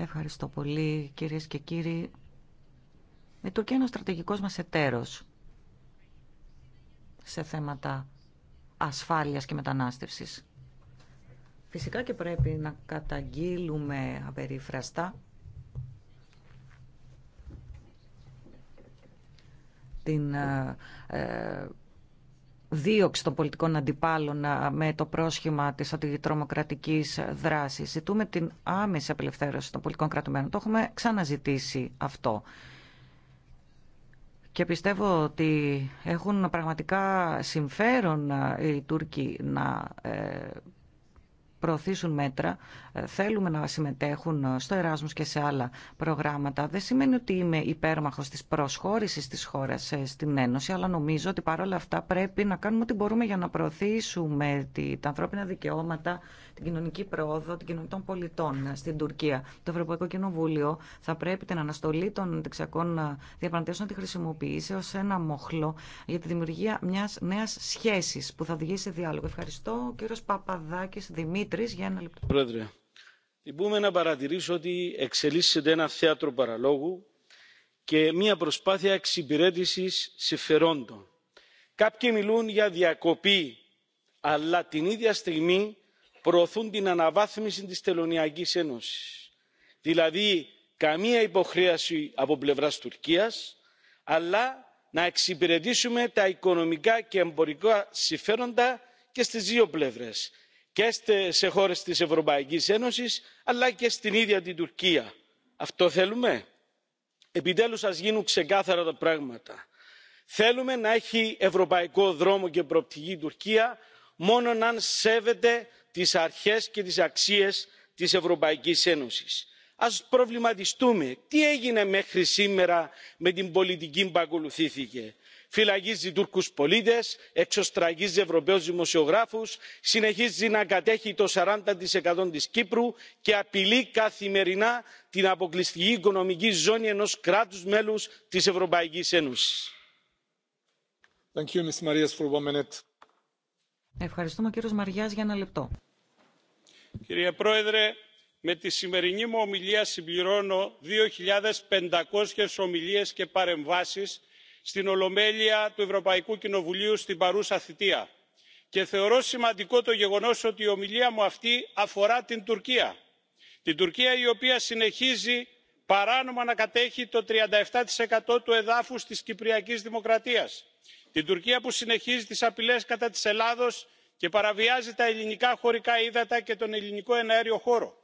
Ευχαριστώ πολύ, κυρίες και κύριοι. Η Τουρκία είναι ο στρατηγικός μας εταίρος σε θέματα ασφάλειας και μετανάστευσης. Φυσικά και πρέπει να καταγγείλουμε απερίφραστα την ε, ε, δίωξη των πολιτικών αντιπάλων ε, με το πρόσχημα της αντιτρομοκρατικής δράσης. Ζητούμε την άμεση απελευθέρωση των πολιτικών κρατουμένων. Το έχουμε ξαναζητήσει αυτό και πιστεύω ότι έχουν πραγματικά συμφέρον ε, οι Τούρκοι να ε, προωθήσουν μέτρα, ε, θέλουμε να συμμετέχουν ε, στο Εράσμος και σε άλλα προγράμματα. Δεν σημαίνει ότι είμαι υπέρμαχος της προσχώρησης της χώρας ε, στην Ένωση, αλλά νομίζω ότι παρόλα αυτά πρέπει να κάνουμε ό,τι μπορούμε για να προωθήσουμε τα ανθρώπινα δικαιώματα, την κοινωνική πρόοδο, την κοινωνία των πολιτών στην Τουρκία. Το Ευρωπαϊκό Κοινοβούλιο θα πρέπει την αναστολή των δεξιακών διαπραγματεύσεων να τη χρησιμοποιήσει ως ένα μοχλό για τη δημιουργία μιας νέας σχέσης που θα οδηγήσει σε διάλογο. Ευχαριστώ κύριο Παπαδάκης Δημήτρη Κύριε για Πρόεδρε, λυπούμε να παρατηρήσω ότι εξελίσσεται ένα θέατρο παραλόγου και μια προσπάθεια εξυπηρέτησης συμφερόντων. Κάποιοι μιλούν για διακοπή, αλλά την ίδια στιγμή προωθούν την αναβάθμιση της Τελωνιακής Ένωσης. Δηλαδή, καμία υποχρέωση από πλευράς Τουρκίας, αλλά να εξυπηρετήσουμε τα οικονομικά και εμπορικά συμφέροντα και στις δύο πλευρές και σε χώρες της ευρωπαϊκής ένωσης αλλά και στην ίδια την τουρκία. αυτό θέλουμε; επιτέλους ας γίνουν ξεκάθαρα τα πράγματα. θέλουμε να έχει ευρωπαϊκό δρόμο και προοπτική η τουρκία μόνο αν σέβεται τις αρχές και τις αξίες της ευρωπαϊκής ένωσης. ας προβληματιστούμε τι έγινε μέχρι σήμερα με την πολιτική που ακολουθήθηκε; φυλαγίζει τούρκους πολίτες εξωστραγίζει ευρωπαίους δημοσιογράφους συνεχίζει να κατέχει το 40% της κύπρου και απειλεί καθημερινά την αποκλειστική οικονομική ζώνη ενός κράτους μέλους της ευρωπαϊκής ένωσης. Ευχαριστούμε κύριο για ένα λεπτό. Κύριε Πρόεδρε, με τη σημερινή μου ομιλία συμπληρώνω 2.500 ομιλίες και παρεμβάσεις στην ολομέλεια του ευρωπαϊκού κοινοβουλίου στην παρούσα θητεία και θεωρώ σημαντικό το γεγονός ότι η ομιλία μου αυτή αφορά την τουρκία την τουρκία η οποία συνεχίζει παράνομα να κατέχει το 37% του εδάφους της κυπριακής δημοκρατίας την τουρκία που συνεχίζει τις απειλές κατά της ελλάδος και παραβιάζει τα ελληνικά χωρικά ύδατα και τον ελληνικό εναέριο χώρο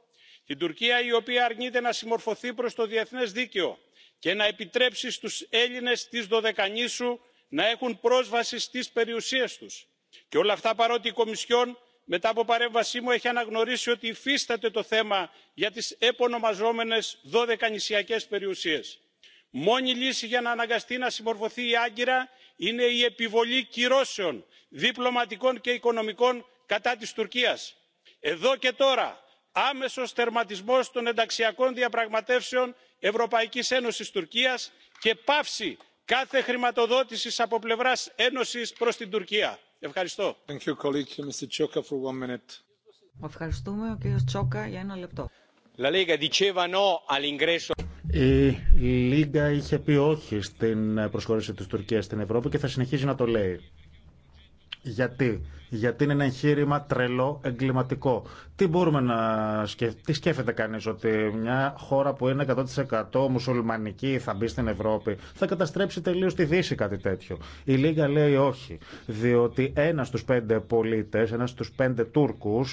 την τουρκία η οποία αρνείται να συμμορφωθεί προς το διεθνές δίκαιο και να επιτρέψει στους έλληνες της δωδεκανήσου να έχουν πρόσβαση στις περιουσίες τους και όλα αυτά παρότι η κομισιόν μετά από παρέμβασή μου έχει αναγνωρίσει ότι υφίσταται το θέμα για τις επωνομαζόμενες δωδεκανησιακές περιουσίες. μόνη λύση για να αναγκαστεί να συμμορφωθεί η άγκυρα είναι η επιβολή κυρώσεων διπλωματικών και οικονομικών κατά της τουρκίας. εδώ και τώρα άμεσος τερματισμό των ενταξιακών διαπραγματεύσεων ευρωπαϊκής ένωσης τουρκίας και πάυση κάθε χρηματοδότηση από πλευράς ένωσης προς την τουρκία. ευχαριστώ. Ευχαριστούμε. Ο κύριος Τσόκα για ένα λεπτό. Η Λίγκα είχε πει όχι στην προσχώρηση της Τουρκίας στην Ευρώπη και θα συνεχίζει να το λέει. Γιατί. Γιατί είναι ένα εγχείρημα τρελό, εγκληματικό. Τι μπορούμε να Τι σκέφτεται κανεί, ότι μια χώρα που είναι 100% μουσουλμανική θα μπει στην Ευρώπη, θα καταστρέψει τελείω τη Δύση κάτι τέτοιο. Η Λίγα λέει όχι. Διότι ένα στου πέντε πολίτε, ένα στου πέντε Τούρκου,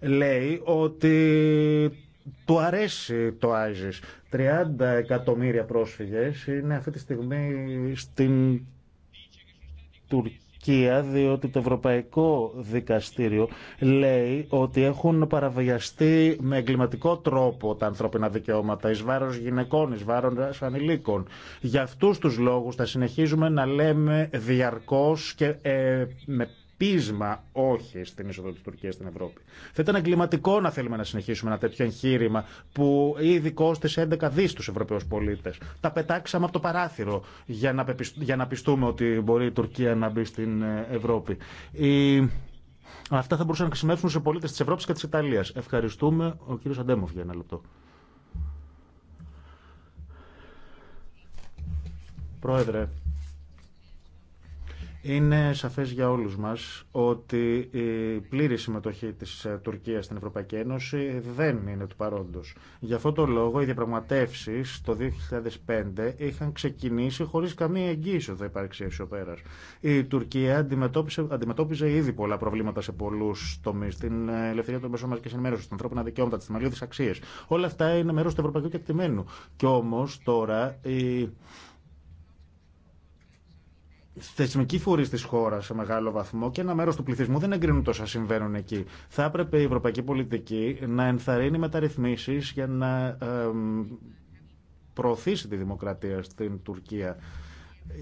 λέει ότι του αρέσει το Άιζη. 30 εκατομμύρια πρόσφυγες είναι αυτή τη στιγμή στην Τουρκία διότι το Ευρωπαϊκό Δικαστήριο λέει ότι έχουν παραβιαστεί με εγκληματικό τρόπο τα ανθρώπινα δικαιώματα εις βάρος γυναικών, εις βάρος ανηλίκων. Για αυτούς τους λόγους θα συνεχίζουμε να λέμε διαρκώς και ε, με πείσμα όχι στην είσοδο τη Τουρκία στην Ευρώπη. Θα ήταν εγκληματικό να θέλουμε να συνεχίσουμε ένα τέτοιο εγχείρημα που ήδη κόστησε 11 δι στου Ευρωπαίου πολίτε. Τα πετάξαμε από το παράθυρο για να, για να πιστούμε ότι μπορεί η Τουρκία να μπει στην ε, Ευρώπη. Η... Αυτά θα μπορούσαν να χρησιμεύσουν σε πολίτε τη Ευρώπη και τη Ιταλία. Ευχαριστούμε. Ο κύριο Αντέμοφ για ένα λεπτό. Πρόεδρε, είναι σαφές για όλους μας ότι η πλήρη συμμετοχή της ε, Τουρκίας στην Ευρωπαϊκή Ένωση δεν είναι του παρόντος. Γι' αυτό το λόγο οι διαπραγματεύσει το 2005 είχαν ξεκινήσει χωρίς καμία εγγύηση ότι θα υπάρξει αισιοπέρας. Η Τουρκία αντιμετώπιζε, ήδη πολλά προβλήματα σε πολλούς τομείς, την ελευθερία των μέσων μαζικής ενημέρωσης, τα ανθρώπινα δικαιώματα, τις θεμελιώδεις αξίες. Όλα αυτά είναι μέρος του ευρωπαϊκού κεκτημένου. Και όμως τώρα θεσμικοί φορεί τη χώρα σε μεγάλο βαθμό και ένα μέρο του πληθυσμού δεν εγκρίνουν τόσα συμβαίνουν εκεί. Θα έπρεπε η ευρωπαϊκή πολιτική να ενθαρρύνει μεταρρυθμίσει για να προωθήσει τη δημοκρατία στην Τουρκία.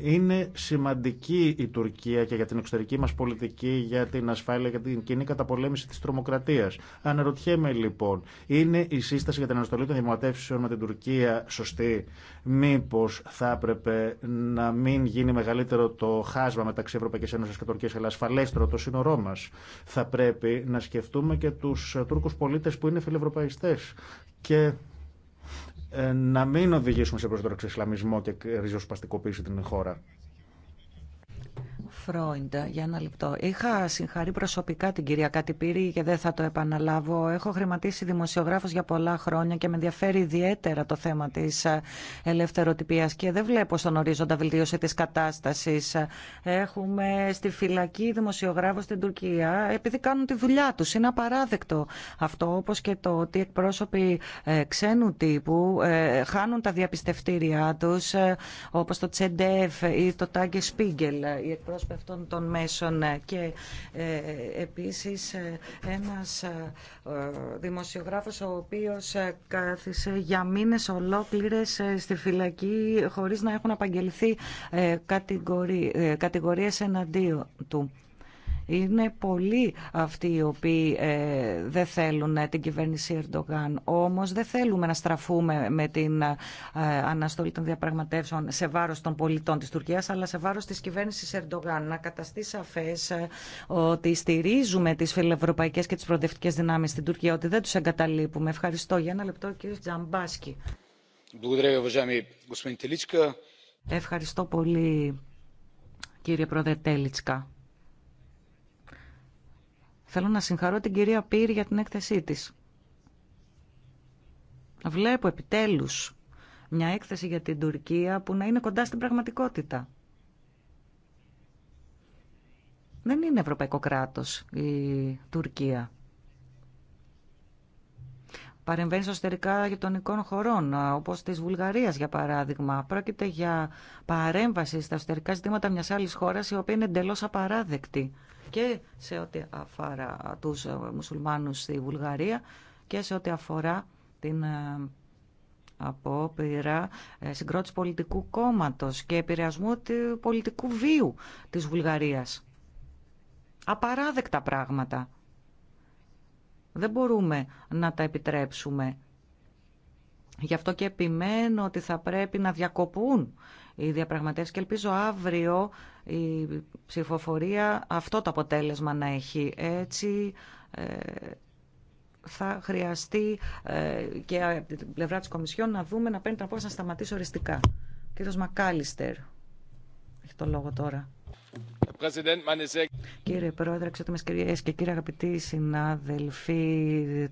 Είναι σημαντική η Τουρκία και για την εξωτερική μας πολιτική, για την ασφάλεια, και την κοινή καταπολέμηση της τρομοκρατίας. Αναρωτιέμαι λοιπόν, είναι η σύσταση για την αναστολή των δημοκρατήσεων με την Τουρκία σωστή. Μήπως θα έπρεπε να μην γίνει μεγαλύτερο το χάσμα μεταξύ Ευρωπαϊκής Ένωσης και Τουρκίας, αλλά ασφαλέστερο το σύνορό μας. Θα πρέπει να σκεφτούμε και τους Τούρκους πολίτες που είναι φιλευρωπαϊστές και ε, να μην οδηγήσουμε σε προσδοξισλαμισμό εξισλαμισμό και ριζοσπαστικοποίηση την χώρα. Φρόιντ, για ένα λεπτό. Είχα συγχαρεί προσωπικά την κυρία Κατυπήρη και δεν θα το επαναλάβω. Έχω χρηματίσει δημοσιογράφος για πολλά χρόνια και με ενδιαφέρει ιδιαίτερα το θέμα της ε, ελευθεροτυπίας και δεν βλέπω στον ορίζοντα βελτίωση της κατάστασης. Έχουμε στη φυλακή δημοσιογράφου στην Τουρκία επειδή κάνουν τη δουλειά τους. Είναι απαράδεκτο αυτό όπως και το ότι εκπρόσωποι ε, ξένου τύπου ε, χάνουν τα διαπιστευτήριά τους όπως το Τσεντεφ ή το Τάγκε Σπίγκελ, οι εκπρόσωποι αυτών των μέσων ε, και ε, επίσης ε, ένας δημοσιογράφος ο οποίος κάθισε για μήνες ολόκληρες στη φυλακή χωρίς να έχουν απαγγελθεί κατηγορίες εναντίον του. Είναι πολλοί αυτοί οι οποίοι ε, δεν θέλουν ε, την κυβέρνηση Ερντογάν. Όμω δεν θέλουμε να στραφούμε με την ε, αναστολή των διαπραγματεύσεων σε βάρο των πολιτών τη Τουρκία, αλλά σε βάρο τη κυβέρνηση Ερντογάν. Να καταστεί σαφέ ότι στηρίζουμε τι φιλευρωπαϊκέ και τι προοδευτικέ δυνάμει στην Τουρκία, ότι δεν του εγκαταλείπουμε. Ευχαριστώ. Για ένα λεπτό, κύριο Τζαμπάσκι. Ευχαριστώ πολύ, κύριε Πρόεδρε Τέλιτσκα. Θέλω να συγχαρώ την κυρία Πύρη για την έκθεσή της. Βλέπω επιτέλους μια έκθεση για την Τουρκία που να είναι κοντά στην πραγματικότητα. Δεν είναι ευρωπαϊκό κράτος η Τουρκία παρεμβαίνει για τον γειτονικών χωρών, όπως της Βουλγαρίας για παράδειγμα. Πρόκειται για παρέμβαση στα εσωτερικά ζητήματα μιας άλλης χώρας η οποία είναι εντελώ απαράδεκτη και σε ό,τι αφορά τους ε, μουσουλμάνους στη Βουλγαρία και σε ό,τι αφορά την ε, απόπειρα ε, συγκρότηση πολιτικού κόμματος και επηρεασμού του πολιτικού βίου της Βουλγαρίας. Απαράδεκτα πράγματα. Δεν μπορούμε να τα επιτρέψουμε. Γι' αυτό και επιμένω ότι θα πρέπει να διακοπούν οι διαπραγματεύσεις και ελπίζω αύριο η ψηφοφορία αυτό το αποτέλεσμα να έχει. Έτσι ε, θα χρειαστεί ε, και από την πλευρά της Κομισιόν να δούμε να παίρνει την απόφαση να σταματήσει οριστικά. Κύριος Μακάλιστερ έχει το λόγο τώρα. Κύριε Πρόεδρε, εξωτήμες κυρίε και κύριοι αγαπητοί συνάδελφοι,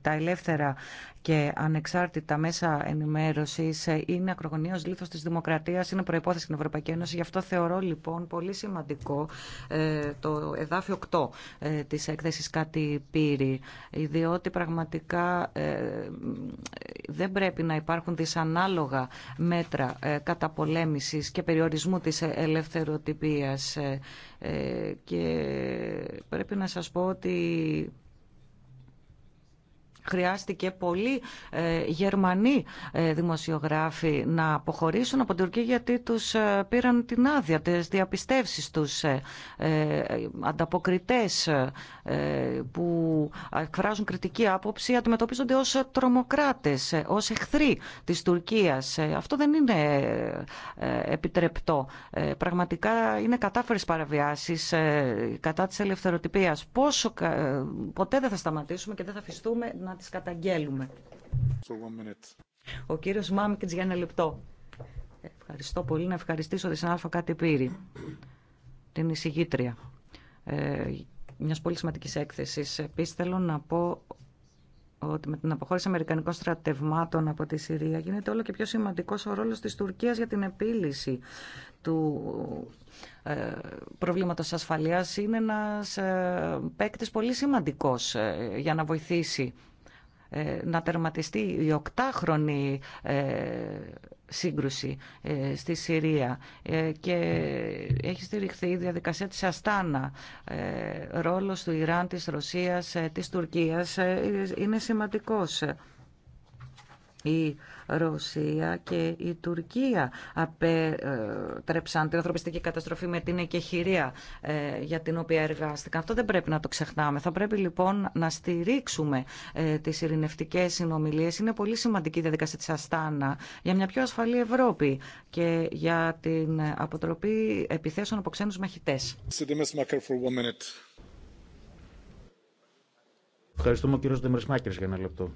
τα ελεύθερα και ανεξάρτητα μέσα ενημέρωσης είναι ακρογωνίω λίθος της δημοκρατίας, είναι προϋπόθεση στην Ευρωπαϊκή Ένωση. Γι' αυτό θεωρώ λοιπόν πολύ σημαντικό ε, το εδάφιο 8 ε, της έκθεσης κάτι πύρη, διότι πραγματικά ε, δεν πρέπει να υπάρχουν δυσανάλογα μέτρα καταπολέμηση και περιορισμού της Ε, ε, και πρέπει να σας πω ότι Χρειάστηκε πολλοί ε, Γερμανοί ε, δημοσιογράφοι να αποχωρήσουν από την Τουρκία γιατί τους ε, πήραν την άδεια, τις διαπιστεύσεις τους, ανταποκριτές που εκφράζουν κριτική άποψη αντιμετωπίζονται ως τρομοκράτες, ως εχθροί της Τουρκίας. Αυτό δεν είναι επιτρεπτό. Πραγματικά είναι κατάφερες παραβιάσεις κατά της ελευθεροτυπίας. Πόσο, ποτέ δεν θα σταματήσουμε και δεν θα αφιστούμε να τις καταγγέλουμε. Ο κύριος Μάμικη για ένα λεπτό. Ευχαριστώ πολύ. Να ευχαριστήσω τη συνάδελφα Κάτι Πύρη, την εισηγήτρια ε, μιας πολύ σημαντική έκθεσης. Επίσης θέλω να πω ότι με την αποχώρηση Αμερικανικών στρατευμάτων από τη Συρία γίνεται όλο και πιο σημαντικός ο ρόλος της Τουρκίας για την επίλυση του ε, προβλήματος ασφαλείας. Είναι ένας ε, παίκτη πολύ σημαντικός ε, για να βοηθήσει ε, να τερματιστεί η οκτάχρονη ε, σύγκρουση ε, στη Συρία και έχει στηριχθεί η διαδικασία της Αστάνα ρόλος του Ιράν, της Ρωσίας, της Τουρκίας είναι σημαντικός η Ρωσία και η Τουρκία απέτρεψαν την ανθρωπιστική καταστροφή με την εκεχηρία ε, για την οποία εργάστηκαν. Αυτό δεν πρέπει να το ξεχνάμε. Θα πρέπει λοιπόν να στηρίξουμε ε, τις ειρηνευτικές συνομιλίες. Είναι πολύ σημαντική η διαδικασία της Αστάνα για μια πιο ασφαλή Ευρώπη και για την αποτροπή επιθέσεων από ξένους μαχητές. Ευχαριστούμε ο κύριο για ένα λεπτό.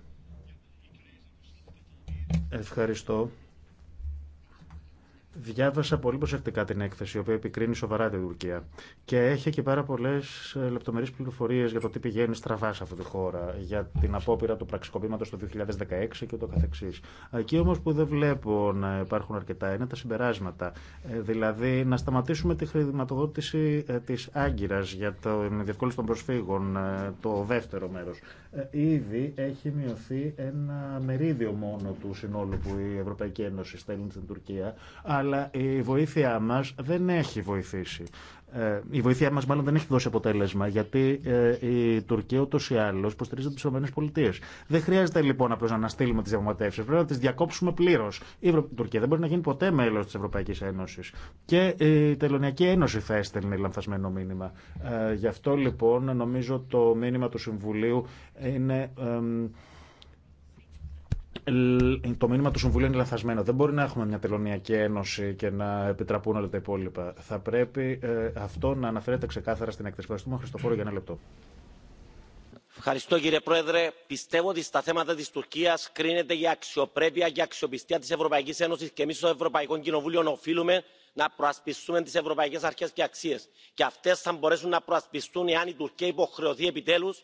Ευχαριστώ. Διάβασα πολύ προσεκτικά την έκθεση, η οποία επικρίνει σοβαρά την Τουρκία. Και έχει και πάρα πολλέ ε, λεπτομερεί πληροφορίε για το τι πηγαίνει στραβά σε αυτή τη χώρα, για την απόπειρα του πραξικοπήματο το 2016 και το καθεξή. Εκεί όμω που δεν βλέπω να υπάρχουν αρκετά είναι τα συμπεράσματα. Ε, δηλαδή, να σταματήσουμε τη χρηματοδότηση ε, τη Άγκυρα για το διευκόλυνση των προσφύγων, το δεύτερο μέρο. Ήδη έχει μειωθεί ένα μερίδιο μόνο του συνόλου που η Ευρωπαϊκή Ένωση στέλνει στην Τουρκία, αλλά η βοήθειά μας δεν έχει βοηθήσει. Ε, η βοήθειά μας μάλλον δεν έχει δώσει αποτέλεσμα, γιατί ε, η Τουρκία ούτω ή άλλω υποστηρίζεται τι ΗΠΑ. Δεν χρειάζεται λοιπόν απλώ να αναστείλουμε τι διαπραγματεύσει. πρέπει να τι διακόψουμε πλήρω. Η Τουρκία δεν μπορεί να γίνει ποτέ μέλο τη Ευρωπαϊκή Ένωση. Και η Τελωνιακή Ένωση θα έστελνε λανθασμένο μήνυμα. Ε, γι' αυτό λοιπόν νομίζω το μήνυμα του Συμβουλίου είναι το μήνυμα του Συμβουλίου είναι λανθασμένο. Δεν μπορεί να έχουμε μια τελωνιακή ένωση και να επιτραπούν όλα τα υπόλοιπα. Θα πρέπει ε, αυτό να αναφέρεται ξεκάθαρα στην έκθεση. Ευχαριστούμε, Χριστοφόρο, για ένα λεπτό. Ευχαριστώ, κύριε Πρόεδρε. Πιστεύω ότι στα θέματα τη Τουρκία κρίνεται η αξιοπρέπεια και η αξιοπιστία τη Ευρωπαϊκή Ένωση και εμεί στο Ευρωπαϊκό Κοινοβούλιο οφείλουμε να προασπιστούμε τι ευρωπαϊκέ αρχέ και αξίε. Και αυτέ θα μπορέσουν να προασπιστούν εάν η Τουρκία υποχρεωθεί επιτέλου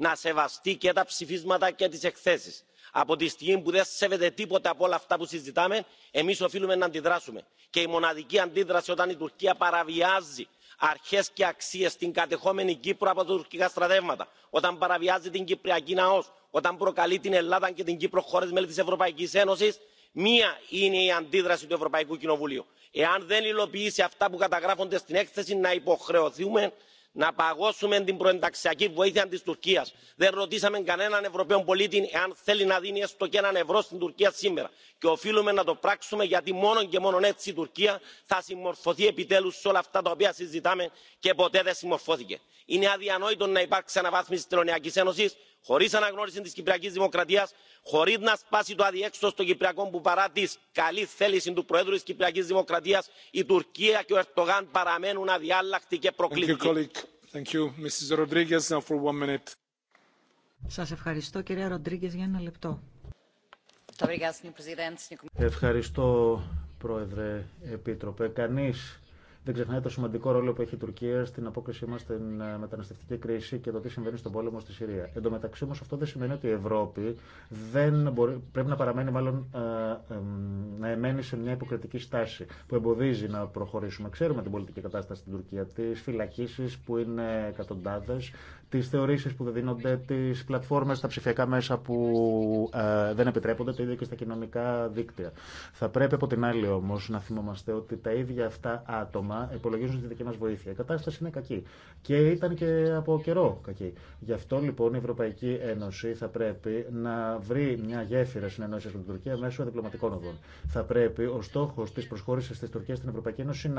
να σεβαστεί και τα ψηφίσματα και τι εκθέσει. από τη στιγμή που δεν σέβεται τίποτα από όλα αυτά που συζητάμε εμεί οφείλουμε να αντιδράσουμε και η μοναδική αντίδραση όταν η τουρκία παραβιάζει αρχέ και αξίε στην κατεχόμενη κύπρο από τα τουρκικά στρατεύματα όταν παραβιάζει την κυπριακή ναό όταν προκαλεί την ελλάδα και την κύπρο χώρε μέλη τη ευρωπαϊκή ένωση μία είναι η αντίδραση του ευρωπαϊκού κοινοβουλίου εάν δεν υλοποιήσει αυτά που καταγράφονται στην έκθεση να υποχρεωθούμε να παγώσουμε την προενταξιακή βοήθεια τη τουρκία. δεν ρωτήσαμε κανέναν ευρωπαίο πολίτη εάν θέλει να δίνει έστω και έναν ευρώ στην τουρκία σήμερα και οφείλουμε να το πράξουμε γιατί μόνο και μόνο έτσι η τουρκία θα συμμορφωθεί επιτέλου σε όλα αυτά τα οποία συζητάμε και ποτέ δεν συμμορφώθηκε είναι αδιανόητο να υπάρξει αναβάθμιση τη τελωνειακή ένωση χωρί αναγνώριση τη κυπριακή δημοκρατία χωρί να σπάσει το αδιέξοδο των κυπριακών που παρά τη καλή θέληση του προέδρου τη κυπριακή δημοκρατία η τουρκία και ο ερντογάν παραμένουν αδιάλακτοι και προκλητικοί. ευχαριστώ πρόεδρε Επίτροπε δεν ξεχνάει το σημαντικό ρόλο που έχει η Τουρκία στην απόκρισή μα στην ε, μεταναστευτική κρίση και το τι συμβαίνει στον πόλεμο στη Συρία. Εν τω μεταξύ όμω αυτό δεν σημαίνει ότι η Ευρώπη δεν πρέπει να παραμένει μάλλον ε, να εμένει σε μια υποκριτική στάση που εμποδίζει να προχωρήσουμε. Ξέρουμε την πολιτική κατάσταση στην Τουρκία, τι φυλακίσει που είναι εκατοντάδε, τις θεωρήσει που δεν δίνονται, τι πλατφόρμες τα ψηφιακά μέσα που ε, δεν επιτρέπονται, το ίδιο και στα κοινωνικά δίκτυα. Θα πρέπει από την άλλη όμω να θυμόμαστε ότι τα ίδια αυτά άτομα υπολογίζουν τη δική μα βοήθεια. Η κατάσταση είναι κακή και ήταν και από καιρό κακή. Γι' αυτό λοιπόν η Ευρωπαϊκή Ένωση θα πρέπει να βρει μια γέφυρα συνεννόηση με την Τουρκία μέσω διπλωματικών οδών. Θα πρέπει ο στόχο τη προσχώρηση τη Τουρκία στην Ευρωπαϊκή Ένωση